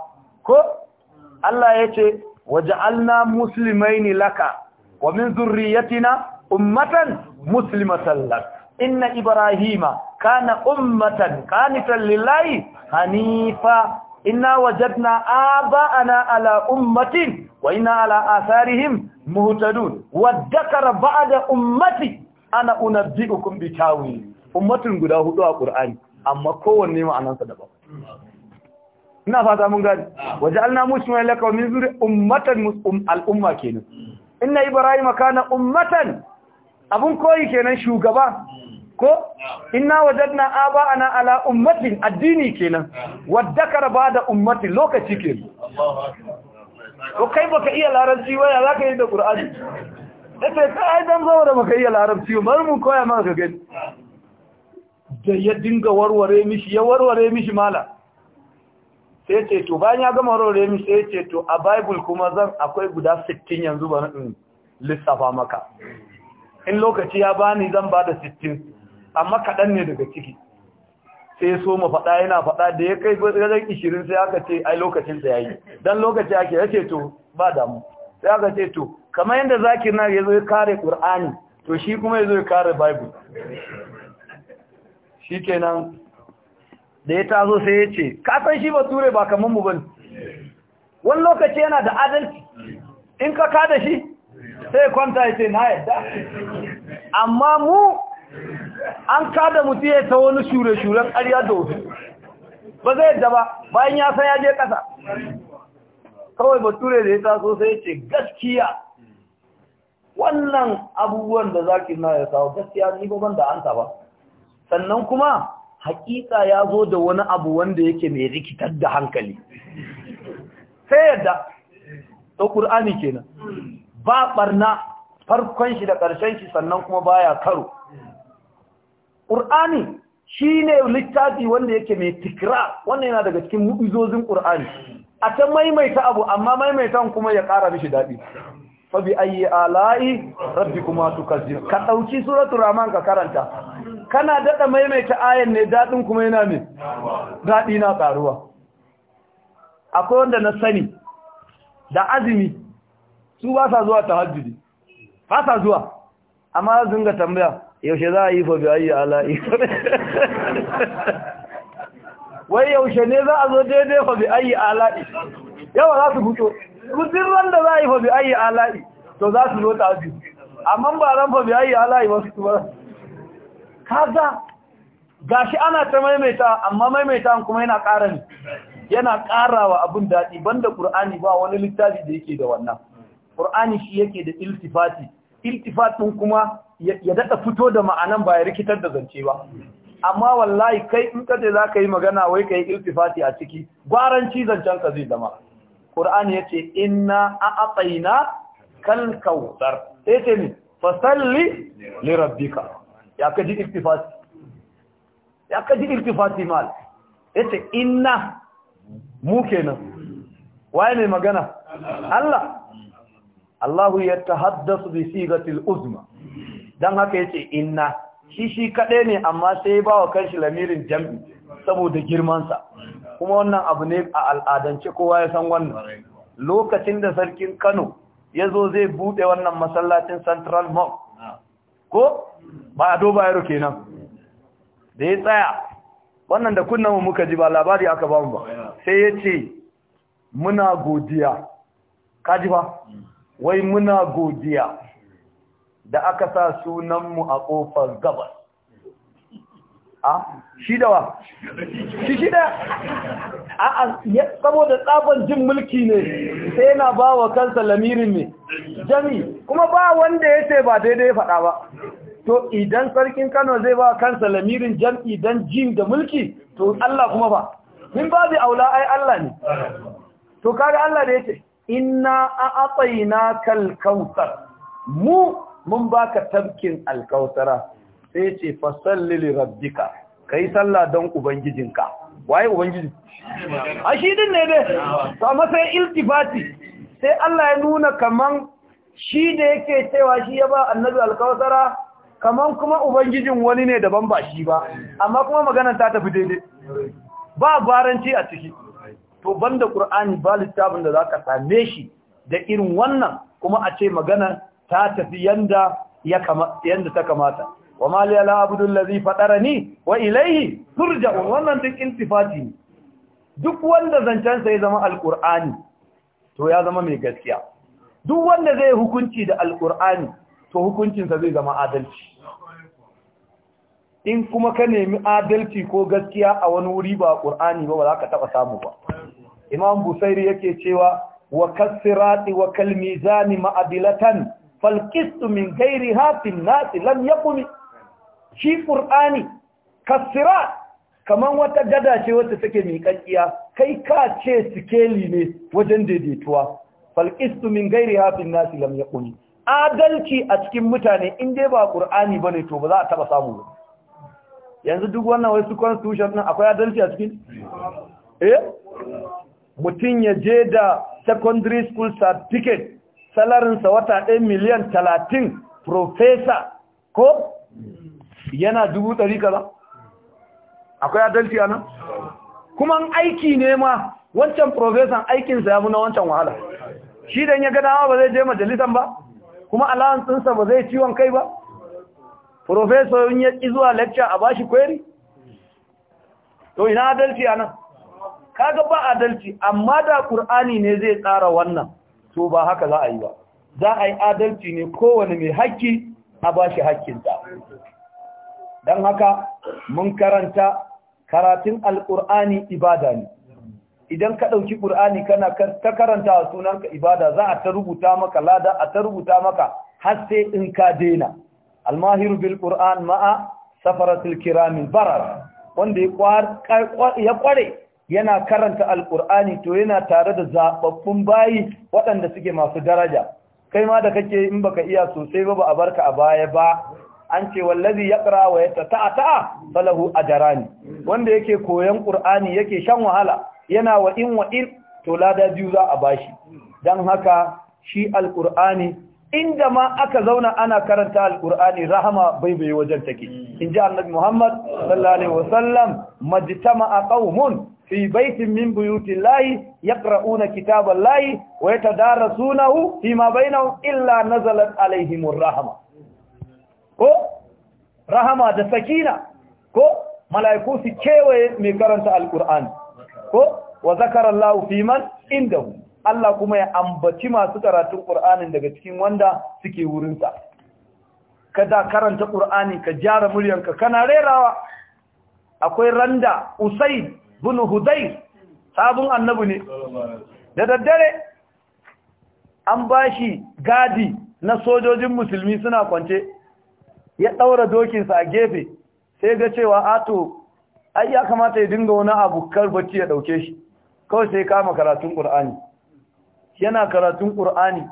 ko Allah yace waj'alna muslimaini laka wa min dhurriyyatina ummatan muslimatan lak inna ibrahima kana ummatan qanitan lillahi hanifa inna wajadna aba'ana ala ummatin wa inna ala atharihim muhtadun wa dhakara ba'da ummati ana kun bi tawil ummatun guda hudu a Qur'ani amma kowanne ma'anarsa daban ina fata mun gani waja'alna musliman laka min zuri ummatan muslim um, al'umma kenan inna ibrahima kana ummatan abun koyi kenan shugaba ko inna wajadna ana ala ummatin addini kenan wadakar ba'da ummati lokaci kenan ko kai baka iya larabci ba ya zaka yi da qur'ani na ce kai dan saboda baka iya larabci bar mu koya maka gani da ya dinga warware mishi ya warware mishi mala sai ce to bayan ya gama warware mishi sai ce to a bible kuma zan akwai guda 60 yanzu ba nan lissafa maka in lokaci ya bani zan ba da 60 amma kaɗan ne daga ciki sai so mu faɗa yana faɗa da ya kai gajen 20 sai aka ce ai lokacin sa ya yi lokaci ake ya ce to ba damu sai aka ce to kamar yadda zakir na ya zo ya kare ƙur'ani to shi kuma ya zo ya kare bible shi kenan da ya tazo sai ya ce Ka san shi bature ba kamar mu bane wani lokaci yana da adalci in ka kada shi sai kwanta ya ce na yadda amma mu an kada mutu ya ta wani shure-shuren ƙarya da ba zai yadda ba bayan ya san ya je ƙasa kawai bature da ya taso sai ce gaskiya wannan abubuwan da zakin na ya kawo gaskiya ni ba ban da an ba sannan kuma hakika ya zo da wani abu wanda yake mai rikitar da hankali sai yadda to qur'ani kenan ba barna farkon shi da ƙarshen shi sannan kuma baya karo qur'ani shine littafi wanda yake mai tikra wannan yana daga cikin mu'izozin qur'ani a ta maimaita abu amma maimaitan kuma ya ƙara mishi daɗi fabi ayi ala'i rabbi kuma su kazi ka ɗauki suratul raman ka karanta kana daɗa maimaita ayan ne daɗin kuma yana ne daɗi na ƙaruwa akwai wanda na sani da azumi su ba sa zuwa tahajjudi ba sa zuwa amma zunga tambaya yaushe za a yi fabi ayi ala'i *laughs* wai yaushe ne za a zo daidai fa bi ayi ala'i yawa za su fito kudirran da za a yi fa bi ayi ala'i to za su zo ta biyu amma ba ran fa bi ayi ala'i ba su tuba kaza shi ana ta maimaita amma maimaita kuma yana ƙara ne yana ƙarawa abin daɗi banda ƙur'ani ba wani littafi da yake da wannan ƙur'ani shi yake da iltifati iltifatin kuma ya daɗa fito da ma'anan ba ya rikitar da zance ba amma wallahi kai in kace za ka yi magana wai ka yi iltifati a ciki gwaran cizon can ka zai zama qur'ani ya ce inna a kal kautar sai ce ni fasalli li rabbika ya ka ji iltifati ya ka ji iltifati mal ya ce inna mu kenan waye ne magana Allah Allah ya tahaddasu bi sigatil uzma dan haka yace inna shi shi kaɗai ne amma sai ba wa kanshi lamirin jam'i saboda girmansa kuma wannan abu ne a al'adance kowa ya san wannan lokacin da sarkin kano ya zo zai buɗe wannan masallacin central mall ko ba a doba yaro kenan da ya tsaya wannan da kunnan muka ji ba labari aka ba ba sai ya ce muna godiya Ka ji ba mm. wai muna godiya da aka sa sunanmu a ƙofar gabas a shi da wa shi shi da a saboda tsafon jin mulki ne sai yana ba wa kansa lamirin ne jami kuma ba wanda ya ce ba daidai faɗa ba to idan sarkin kano zai ba kansa lamirin jam'i don jin da mulki to Allah kuma ba min babu aula ai Allah ne to kaga Allah da ya ce. inna a'tayna tsayina kalkautar, mu mun baka tabkin alkautara sai ce fasalli li rabbika kai sallah don ubangijinka waye ubangiji a shi din ne dai to amma sai iltifati sai Allah ya nuna kaman shi da yake cewa shi ya ba annabi alkautara kaman kuma ubangijin wani ne daban ba shi ba amma kuma maganar ta tafi daidai ba baranci a ciki to banda qur'ani ba littafin da zaka same shi da irin wannan kuma a ce magana ta tafi yanda ya kama yanda ta kamata wa mali ala abdul ladhi fatarani wa ilayhi turja'un wannan duk intifati ne duk wanda zancen sa ya zama alqur'ani to ya zama mai gaskiya duk wanda zai hukunci da alqur'ani to hukuncinsa zai zama adalci in kuma ka nemi adalci ko gaskiya a wani wuri ba ƙur'ani ba ba za ka taɓa samu ba imam busairi yake cewa wa kasirati wa kalmizani ma'adilatan falkistu min gairi hafin nasi lam ya kumi shi ƙur'ani kasira kamar wata gada ce wacce take miƙaƙiya kai ka ce sikeli ne wajen daidaituwa falkistu min gairi hafin nasi lam ya kumi adalci a cikin mutane in dai ba ƙur'ani ba ne to ba za a taɓa samu ba yanzu duk wannan wai su constitution ɗin akwai adalci a cikin eh mutum ya je da secondary school certificate salarinsa wata ɗaya miliyan talatin profesa ko yana dubu ɗari kaza akwai adalci a nan kuma aiki ne ma wancan profesan aikinsa ya muna wancan wahala shi da ya gada ba zai je majalisan ba kuma alawansinsa ba zai ciwon kai ba profesorin ya ƙi zuwa lecture a bashi kweri to ina adalci a nan kaga ba adalci amma da ƙur'ani ne zai tsara wannan so ba haka za a yi ba za a yi adalci ne kowane mai haƙƙi a ba shi ta. don haka mun karanta karatun alƙur'ani ibada ne idan ka ɗauki ƙur'ani kana ta karanta a sunanka ibada za a ta rubuta maka lada a ta rubuta maka har sai in ka daina almahiru bil ƙur'an ma'a safaratul kiramin barar wanda ya kware yana karanta alkur'ani to yana tare da zababbun bayi waɗanda suke masu daraja kai ma da kake in baka iya sosai ba ba a barka a baya ba an ce wallazi yaqra wa ta'a falahu Darani. wanda yake koyan ƙur'ani yake shan wahala yana wa in wa in to lada biyu za a bashi dan haka shi Alƙur'ani, inda ma aka zauna ana karanta alqur'ani rahama bai bai wajen take ji annabi muhammad sallallahu alaihi wasallam majtama'a qaumun fi baitin min buyutin lahi yaqra'una kitaban lahi wa yatadarasunahu fima bainahum illa nazalat alaihimur rahma ko rahama da sakina ko mala'iku su kewaye mai karanta alqur'ani ko wa zakara fi fiman indahu Allah kuma ya ambaci masu karatun Qur'anin daga cikin wanda suke wurinsa. Kada karanta ƙur'ani ka jara muryanka kana rerawa. Akwai randa Usaid Bunu hudai sabon annabi ne da daddare an ba shi gadi na sojojin musulmi suna kwance ya daura dokinsa a gefe sai ga cewa ato ai ya kamata ya dinga wani abu kar bacci ya dauke shi kawai sai kama karatun qur'ani yana karatun qur'ani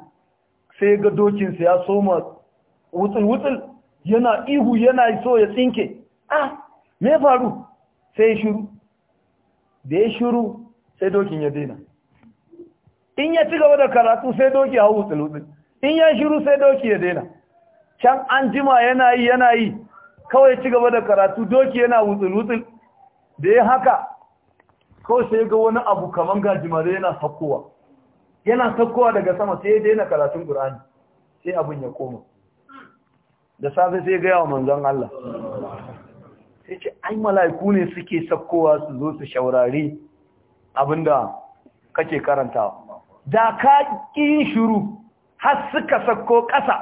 sai ga dokinsa ya soma wutsul wutsul yana ihu yana so ya tsinke ah me faru sai shiru da ya shuru sai dokin ya daina in ya ci gaba da karatu sai doki hau wutsulutsul in ya shuru sai doki ya daina can an jima yana yi yana yi kawai ci gaba da karatu doki yana wutsulutsul da ya haka kawai sai ga wani abu kaman gajimare yana sakkowa yana sakkowa daga sama sai ya daina karatun Qur'ani sai abin ya koma da safe sai ga yawa manzon Allah sai ce ai mala'iku ne suke sakkowa su zo su shaurari abinda kake karanta da ka shiru har suka sako kasa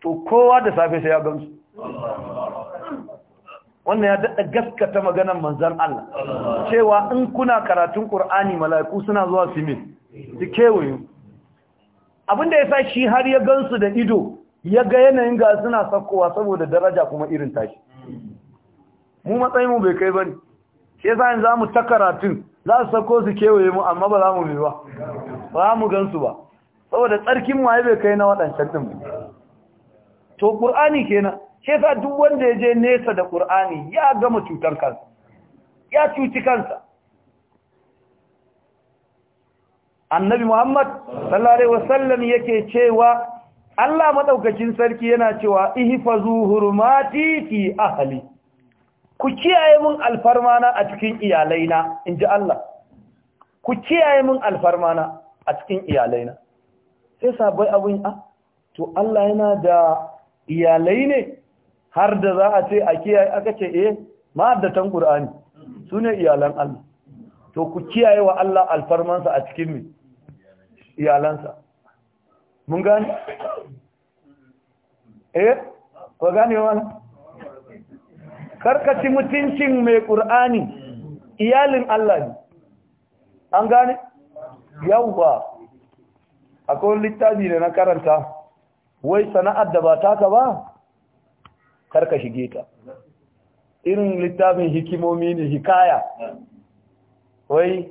to kowa da safe sai ya gamsu wannan ya daɗe gaskata maganar manzan Allah cewa in kuna karatun ƙur'ani mala'iku suna zuwa su min su kewaye abinda yasa shi har ya gansu da ido ya ga yanayin ga suna sakkowa saboda daraja kuma irin tashi mu matsayin mu bai kai bane shi yasa yanzu zamu ta karatun za su sako su kewaye mu amma ba za mu bi ba ba mu gansu ba saboda tsarkin mu bai kai na waɗancan din to qur'ani kenan shi yasa duk wanda ya je nesa da qur'ani ya gama cutar kansa ya cuci kansa annabi Muhammad sallallahu alaihi wasallam yake cewa Allah madaukakin sarki yana cewa ihfazu hurmati fi ahli ku kiyaye mun alfarmana a cikin iyalaina in ji Allah ku kiyaye mun alfarmana a cikin iyalaina sai sabai abin a ah, to Allah yana da iyalai ne har da za a ce a kiyaye aka ce eh ma'addatan Qur'ani sune iyalan Allah to ku kiyaye wa Allah alfarmansa a cikin mi iyalansa mun gani eh ko gane wannan karkaci mutuncin mai ƙur'ani iyalin Allah ne an gane yawwa akwai littafi da na karanta wai sana'ar da ba taka ba karka shige ta irin littafin hikimomi ne hikaya wai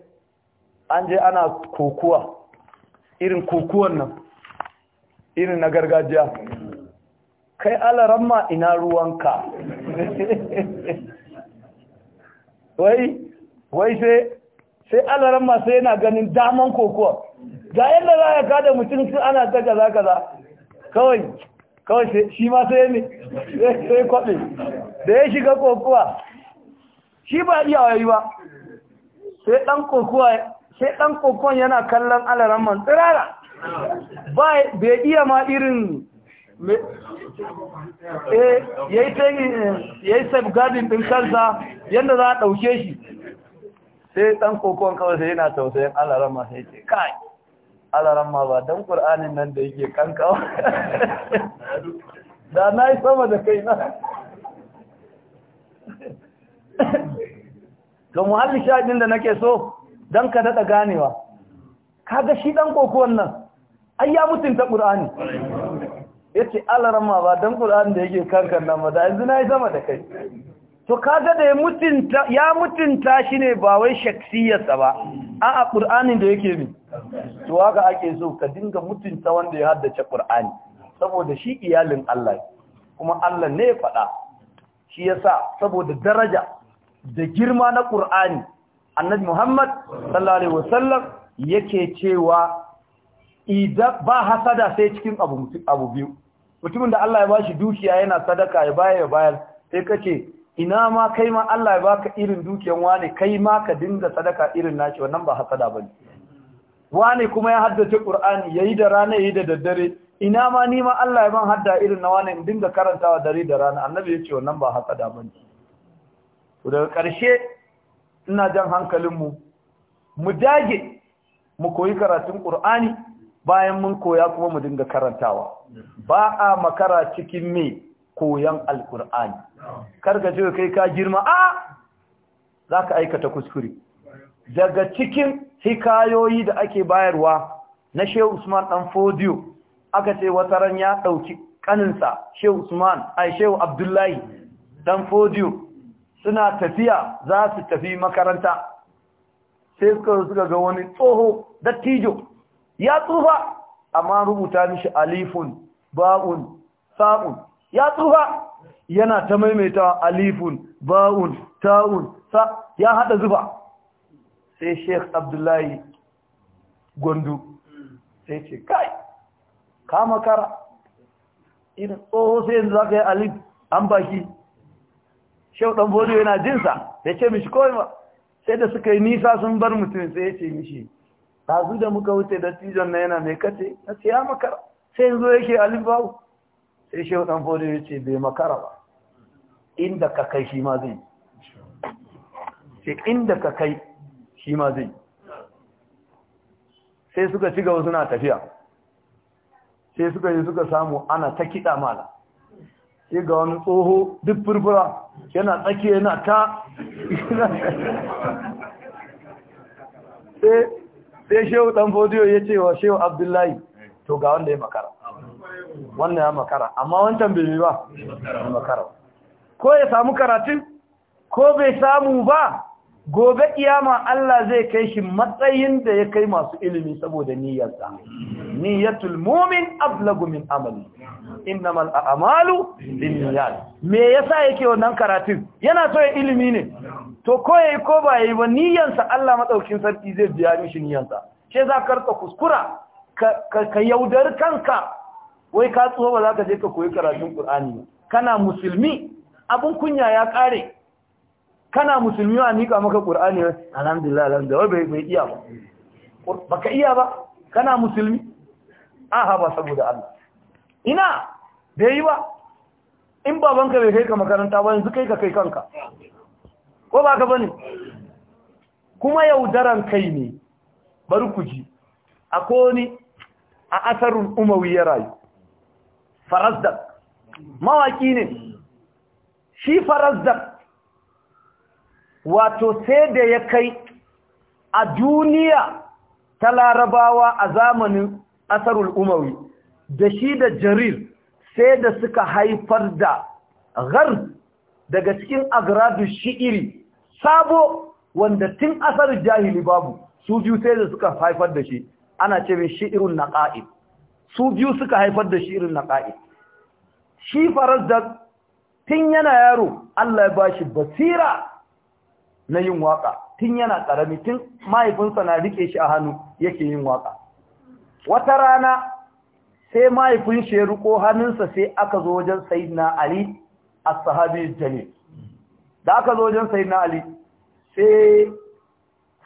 an je ana kokuwa irin kokuwan nan irin na gargajiya kai alaramma ina ruwanka wai wai sai sai alaran masu yana ganin daman kokowa ga yadda za a kada mutum su ana ta kaza-kaza kawai kawai shi ma sai ne sai kwaɓe da ya shiga kokowa shi ba iya wayi ba sai ɗan kokowa sai ɗan kokon yana kallon alaran man tsirara ba bai iya ma irin Eh, ya yi safeguarding ɗin kansa yadda za a ɗauke shi sai ɗan kokon kawai sai yana tausayin ma sai ce kai ma ba don ƙur'anin nan da yake kankawa *laughs* da na yi sama da kai na ga *laughs* muhalli shaɗin da nake so don ka daɗa ganewa kaga shi ɗan kokon nan ai ya mutunta ƙur'ani yace alarma ba dan Qur'an da yake kankan nan ba da yanzu nayi sama da kai to kaga da ya mutunta ya mutunta shi ne ba wai shaksiyarsa ba a'a Qur'anin da yake bi to haka ake so ka dinga mutunta wanda ya haddace Qur'ani saboda shi iyalin Allah kuma Allah ne ya faɗa shi yasa saboda daraja da girma na Qur'ani Annabi Muhammad sallallahu alaihi wasallam yake cewa idan ba hasada sai cikin abu biyu mutumin da Allah ya ba shi dukiya yana sadaka ya baya ya bayar sai kace ina ma kai ma Allah ya baka irin dukiyan wane kai ma ka dinga sadaka irin nashi wannan ba hasada bane wane kuma ya haddace Qur'ani yayi da rana yayi da daddare ina ma ni ma Allah ya ban hadda irin na wane in dinga karantawa dare da rana annabi ya ce wannan ba hasada bane to daga karshe ina jan hankalin mu mu dage mu koyi karatun Qur'ani bayan mun koya kuma mu dinga karantawa ba a makara cikin me koyan alkur'ani karga je kai ka girma a zaka aikata kuskure daga cikin hikayoyi da ake bayarwa na Shehu Usman dan Fodio aka ce wata ran ya dauki kaninsa Shehu Usman ai Sheikh Abdullahi dan Fodio suna tafiya za su tafi makaranta sai suka suka ga wani tsoho dattijo ya tsufa amma rubuta mishi alifun ba'un sa'un ya tsufa yana ta maimaita alifun ba'un ta'un sa ya hada zuba sai sheikh abdullahi gondu sai ce kai ka makara irin tsoho sai yanzu zaka yi alif an baki shehu ɗan bodo yana jinsa Sai ce mishi kawai ba sai da suka yi nisa sun bar mutum sai ya ce mishi ɗazu da muka wuce da season na yana mai kace na siya makara sai yanzu yake alibawu sai shehu ɗan fodo ya ce bai makara ba inda ka kai shi ma zai ce inda ka kai shi ma zai sai suka ci gaba suna tafiya sai suka yi suka samu ana ta kiɗa mala sai ga wani tsoho duk furfura yana tsakiya yana ta *laughs* sai sai shehu dan fodiyo ya ce wa shehu abdullahi to ga wanda ya makara wannan ya makara amma wancan bai ba makara ko ya samu karatun ko bai samu ba gobe kiyama Allah zai kai shi matsayin da ya kai masu ilimi saboda niyyarsa niyyatul mu'min ablagu min amali innamal a'malu binniyat me yasa yake wannan karatun yana so ya ilimi ne to ko yayi ko ba yayi ba niyyarsa Allah madaukin sarki zai biya mishi niyyarsa Ke za ka rika kuskura ka yaudar kanka wai ka tsoho ba za ka je ka koyi karatun Qur'ani kana musulmi abun kunya ya kare kana musulmi a nika maka ƙur'ani alhamdulillah alhamdulillah wai bai iya ba baka iya ba kana musulmi aha ba saboda Allah ina bai yi ba in babanka bai kai ka makaranta ba yanzu kai ka kai kanka ko ba ka bane kuma yaudaran kai ne bari ku ji a koni a asarun umawi ya rayu farazdak mawaki ne shi farazdak wato sai da ya kai a duniya ta larabawa a zamanin asarul umawi da shi da jarir sai da suka haifar da ghar daga cikin agradu shi'iri sabo wanda tun asar jahili babu su biyu sai da suka haifar da shi ana ce mai shi'irun naqa'id su biyu suka haifar da shi'irun naqa'id shi farar da tun yana yaro Allah ya bashi basira na yin waka tun yana karami tun mahaifinsa na rike shi a hannu yake yin waka wata rana sai mahaifin shi ya ruko hannunsa sai aka zo wajen sayyidina ali a sahabi jalil da aka zo wajen sayyidina ali sai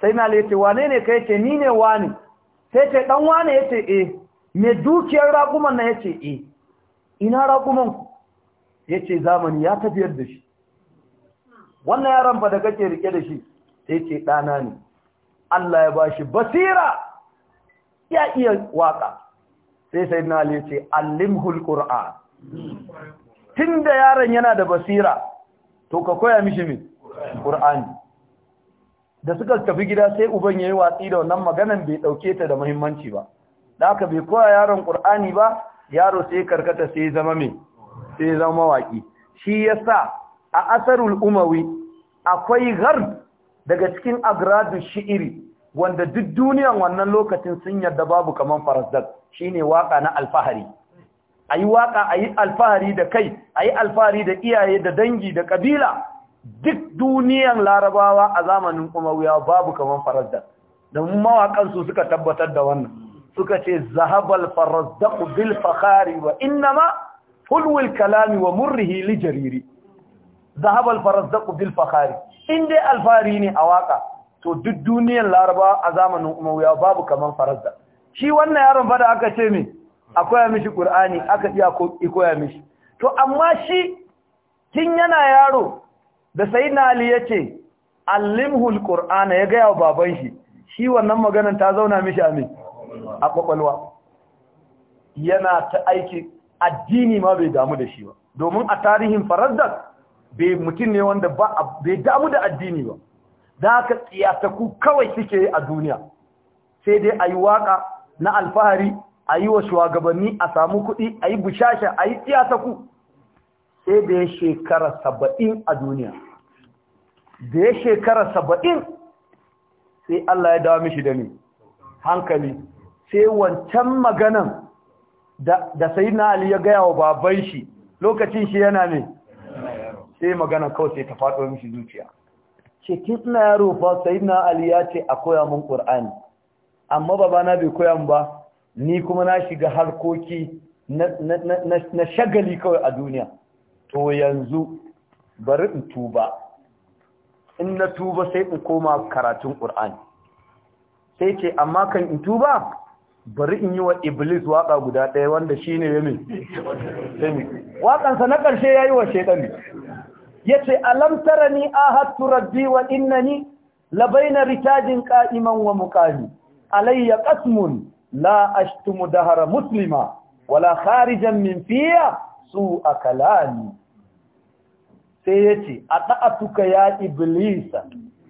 sayyidina ali yace wane ne kai ce ni ne wani sai ce dan wane yace eh me dukiyar raguman na yace eh ina raguman ku yace zamani ya tafiyar da shi wannan yaron fa da kake rike da shi sai ce ɗana ne Allah ya bashi basira ya iya waka sai sai na Ali ce allimhul qur'an tunda yaron yana da basira to ka koya mishi min qur'ani da suka tafi gida sai uban yayi watsi da wannan maganan bai dauke ta da muhimmanci ba da ka bai koya yaron qur'ani ba yaro sai karkata sai zama me sai zama waki shi yasa a asarul umawi akwai gharb daga cikin agradu shi'iri wanda duk duniyan wannan lokacin sun yarda babu kaman farazdak shine waka na alfahari ayi waka ayi alfahari da kai ayi alfahari da iyaye da dangi da kabila duk duniyan larabawa a zamanin umawiya babu kaman farazdak don mawakan su suka tabbatar da wannan suka ce zahabal farazdak bil fakhari wa innama Fulwil kalami wa murrihi li jariri zahabal farazzaku bil fakhari in dai alfari ne a waka to duk duniyar laraba a zamanin umayya babu kaman farazza shi wannan yaron fa aka ce me akwai mishi Kur'ani, aka iya koya mishi to amma shi tun yana yaro da sayyidina ali yace allimhu alqur'ana ya gaya wa baban shi shi wannan maganar ta zauna mishi a me a kwakwalwa yana ta aiki addini ma bai damu da shi ba domin a tarihin farazdak bai mutum ne wanda ba bai damu da addini ba da haka tsiyataku kawai suke a duniya sai dai a yi waƙa na alfahari a yi wa shugabanni a samu kuɗi a ayi bushasha ayi tsiyataku sai da ya shekara saba'in a duniya da ya shekara saba'in sai Allah ya dawo mishi da ni hankali sai wancan maganan da, sai na Ali ya gaya wa baban shi lokacin shi yana ne sai magana kawai sai ta faɗo mishi zuciya ce na ina yaro fa na ali ya ce a koya min qur'ani amma babana bai koya mu ba ni kuma na shiga harkoki na shagali kawai a duniya to yanzu bari in tuba in na tuba sai in koma karatun qur'ani sai ce amma kan in tuba bari in yi wa iblis waka guda ɗaya wanda shi ne ya mai waƙansa na ƙarshe ya yi wa shaidani ya ce ni a ahattu rabbi wa innani labaina ritajin ka'iman wa mukami, alayya qasmun la ashtumu dahara muslima wala kharijan min fiya su a kalani. sai ya ce yace ata'atuka ya iblisa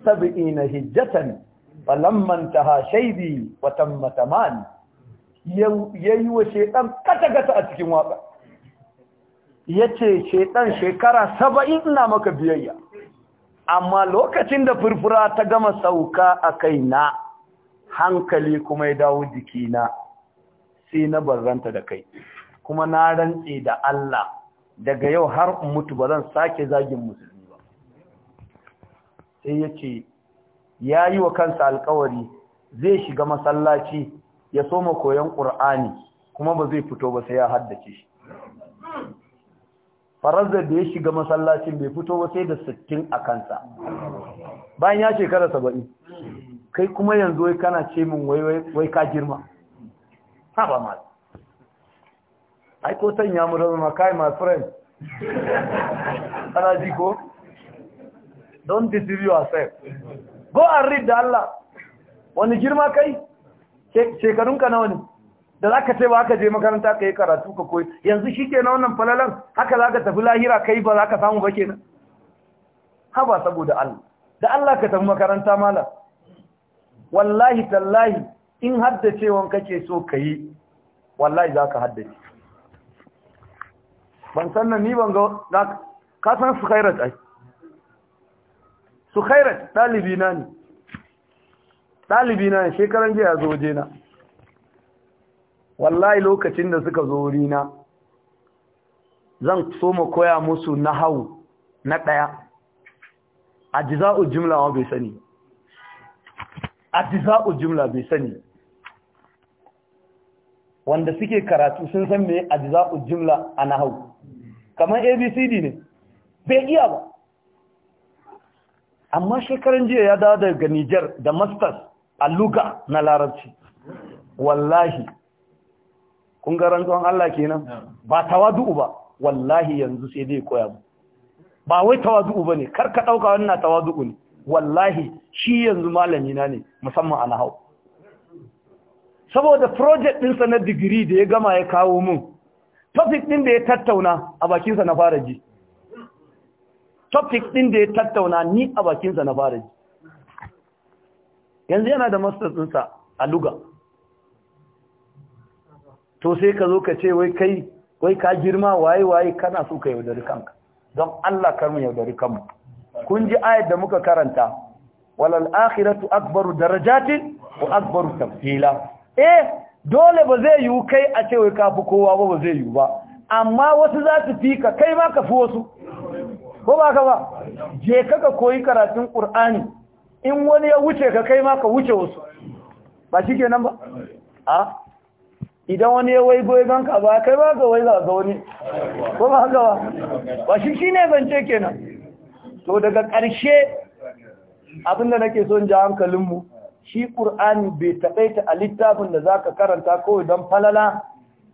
sab'ina hijjatan falamma ha shaybi wa tamma tamani ya yi wa shaidan kata-kata a cikin waka ya ce shaidan shekara saba'in ina maka biyayya amma lokacin da furfura ta gama sauka a kai na, hankali kuma ya dawo jikina sai na barranta da kai kuma na rantse da Allah daga yau har mutu ba zan sake zagin musulmi ba sai ya ce ya yi wa kansa alkawari zai shiga masallaci ya soma koyon ƙur'ani kuma ba zai fito ba sai ya haddace shi farazar da ya shiga masallacin bai fito ba sai da sittin a kansa bayan ya shekara saba'in kai kuma yanzu wai kana ce min wai ka girma ha ba ma aiko tan ya murar ma kai my friend ana ji ko don't deceive yourself go and read da Allah wani girma kai shekarunka nawa ne da za ka ce ba ka je makaranta ka yi karatu ka koyi yanzu shi ke na wannan falalan haka za ka tafi lahira kai ba za ka samu ba kenan haba saboda Allah da Allah ka tafi makaranta mala. wallahi tallahi in wanka kake so ka yi wallahi za ka haddace ban san nan ni ban ga ka san su khairat ai su khairat talibi na ne ɗalibi na shekaran jiya zo je na wallahi lokacin da suka zo wuri na zan so mu koya musu na hau na ɗaya ajza'u jimla wa bai sani ajza'u jimla bai sani wanda suke karatu sun san me za'u jimla a na hau. kamar abcd ne bai iya ba amma shekaran jiya ya dawo daga Nijar da masters alluka na larabci wallahi kun ga rantsuwan Allah kenan ba tawadu'u ba wallahi yanzu sai dai koya mu ba wai tawadu'u bane kar ka dauka wannan tawadu'u ne wallahi shi yanzu malami na ne musamman a nahau saboda project ɗinsa na digiri da ya gama ya kawo mun topic ɗin da ya tattauna a bakinsa na fara ji topic ɗin da ya tattauna ni a bakinsa na fara ji yanzu yana da masters tsinsa a luga to sai ka zo ka ce wai kai wai ka girma waye waye kana so ka yaudari kanka don Allah kar yaudari kanmu kun ji ayat da muka karanta walal akhiratu akbaru darajatin wa akbaru tafila. eh dole ba zai yiwu kai a ce wai ka fi kowa ba zai yiwu ba amma wasu za su fi ka kai ma ka fi wasu ko ba ka ba je ka ka koyi karatun qur'ani in wani ya wuce ka kai ma ka wuce wasu ba shi kenan ba a idan wani ya waigo ya ganka ba kai ba ga waiza ga wani ko ba haka ba ba shi shi ne zance kenan to daga ƙarshe abinda nake son ja hankalinmu shi ƙur'ani bai taɓaita a littafin da za ka karanta kawai don falala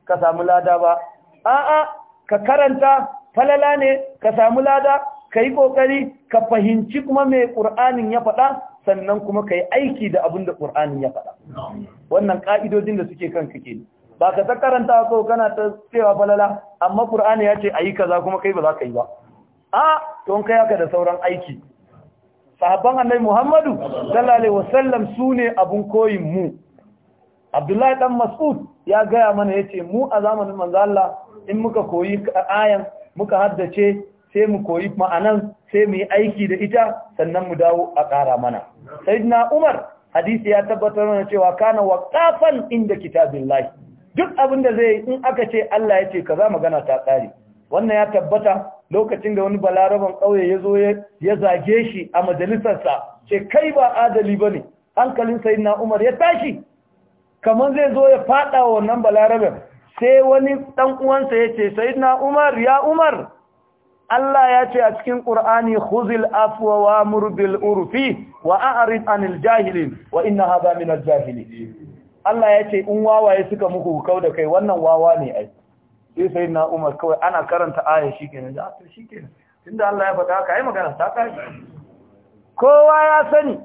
ka samu lada ba a'a ka karanta falala ne ka samu lada ka yi ƙoƙari ka fahimci kuma mai ƙur'anin ya faɗa sannan kuma ka yi aiki da abin da ƙur'anin ya faɗa wannan ƙa'idojin da suke kanka ke ba ka ta karanta ko kana ta cewa falala amma ƙur'ani ya ce a yi kaza kuma kai ba za ka yi ba a to kai haka da sauran aiki sahabban annabi muhammadu sallallahu alaihi wasallam su ne abun koyin mu abdullahi dan mas'ud ya gaya mana yace mu a zamanin manzo Allah in muka koyi ayan muka haddace sai mu koyi ma'anan sai mu yi aiki da ita sannan mu dawo a ƙara mana sayyidina umar hadisi ya tabbatar mana cewa kana waqafan inda kitabillahi duk abin da zai in aka ce Allah ya ce kaza magana ta ƙare wannan ya tabbata lokacin da wani balaraban ƙauye ya zo ya zage shi a majalisar sa, ce kai ba adali ba ne hankalin sayyidina umar ya tashi kamar zai zo ya faɗa wa wannan balaraban sai wani ɗan uwansa ya ce sayyidina umar ya umar Allah ya ce a cikin Qur'ani khuzil afwa wa murbil urfi wa a'rid anil jahilin wa inna hadha min al jahilin Allah ya ce in wawaye suka muku kau da kai wannan wawa ne ai sai sai na Umar kawai ana karanta aya shikenan da to shikenan tunda Allah ya faɗa kai yi magana ta kai kowa ya sani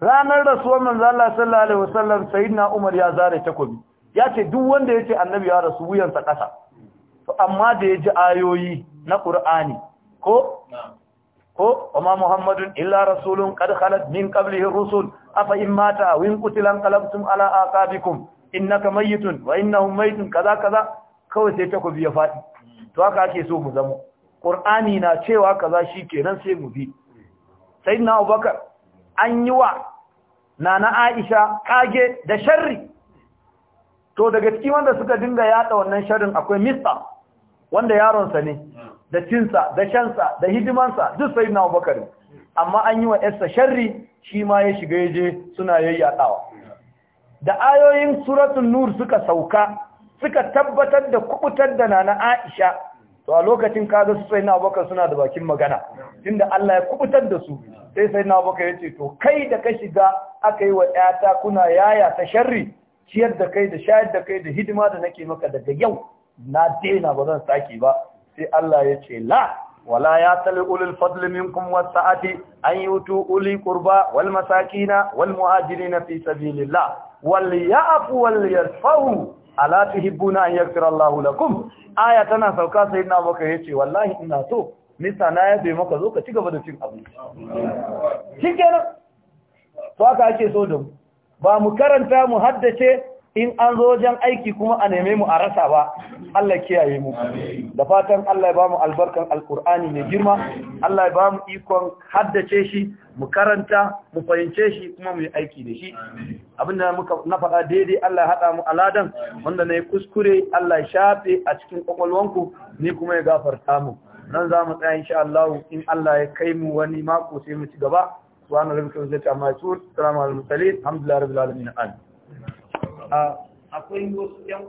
ranar rasuwar manzo Allah sallallahu alaihi wasallam sayyidina Umar ya zare takobi ya ce duk wanda yace annabi ya rasu wuyansa kasa to amma da yaji ayoyi na Qur'ani ko ko amma Muhammadun illa rasulun qad khalat min qablihi rusul afa in mata wa in qutila qalabtum ala aqabikum innaka mayitun wa innahum mayitun kaza kaza kawai sai ta ku biya fadi hmm. to haka ake so mu zama Qur'ani na cewa kaza shi kenan sai mu bi sayyidina Abubakar an yi wa nana Aisha kage da sharri to daga cikin wanda suka dinga yada wannan sharrin akwai Mista wanda yaronsa ne da cinsa da shansa da hidimansa duk sai na abubakar amma an yi wa yarsa sharri shi ma ya shiga ya je suna yayyadawa da ayoyin suratul nur suka sauka suka tabbatar da kubutar da nana Aisha to a lokacin kaga su sai na abubakar suna da bakin magana tunda Allah ya kubutar da su sai sai na abubakar yace to kai da ka shiga aka yi wa yata kuna yaya ta sharri ciyar da kai da shayar da kai da hidima da nake maka daga yau na daina ba zan sake ba sai Allah ya ce la wala ya tali ulul fadli minkum sa'ati an yutu uli qurba wal masakina wal muhajirin fi sabilillah wal ya'fu wal yarfa'u ala tuhibbuna an yaghfira Allahu lakum aya tana sauka sayyidina Abubakar yace wallahi ina so nisa ya bai maka zo ka ci gaba da cin abinci shikenan to aka ake so da mu ba mu karanta mu haddace in an zo wajen aiki kuma a neme mu a rasa ba Allah kiyaye mu da fatan Allah ya bamu albarkan alkur'ani mai girma Allah ya bamu ikon haddace shi mu karanta mu fahimce shi kuma mu yi aiki da shi abinda muka na faɗa daidai Allah ya haɗa mu aladan wanda na yi kuskure Allah ya shafe a cikin kwakwalwanku ni kuma ya gafarta mu nan za mu tsaya insha Allah in Allah ya kai mu wani mako sai mu ci gaba subhanallahi wa bihamdihi amma yasur salamu alal mursalin alhamdulillahi rabbil alamin a wasu yan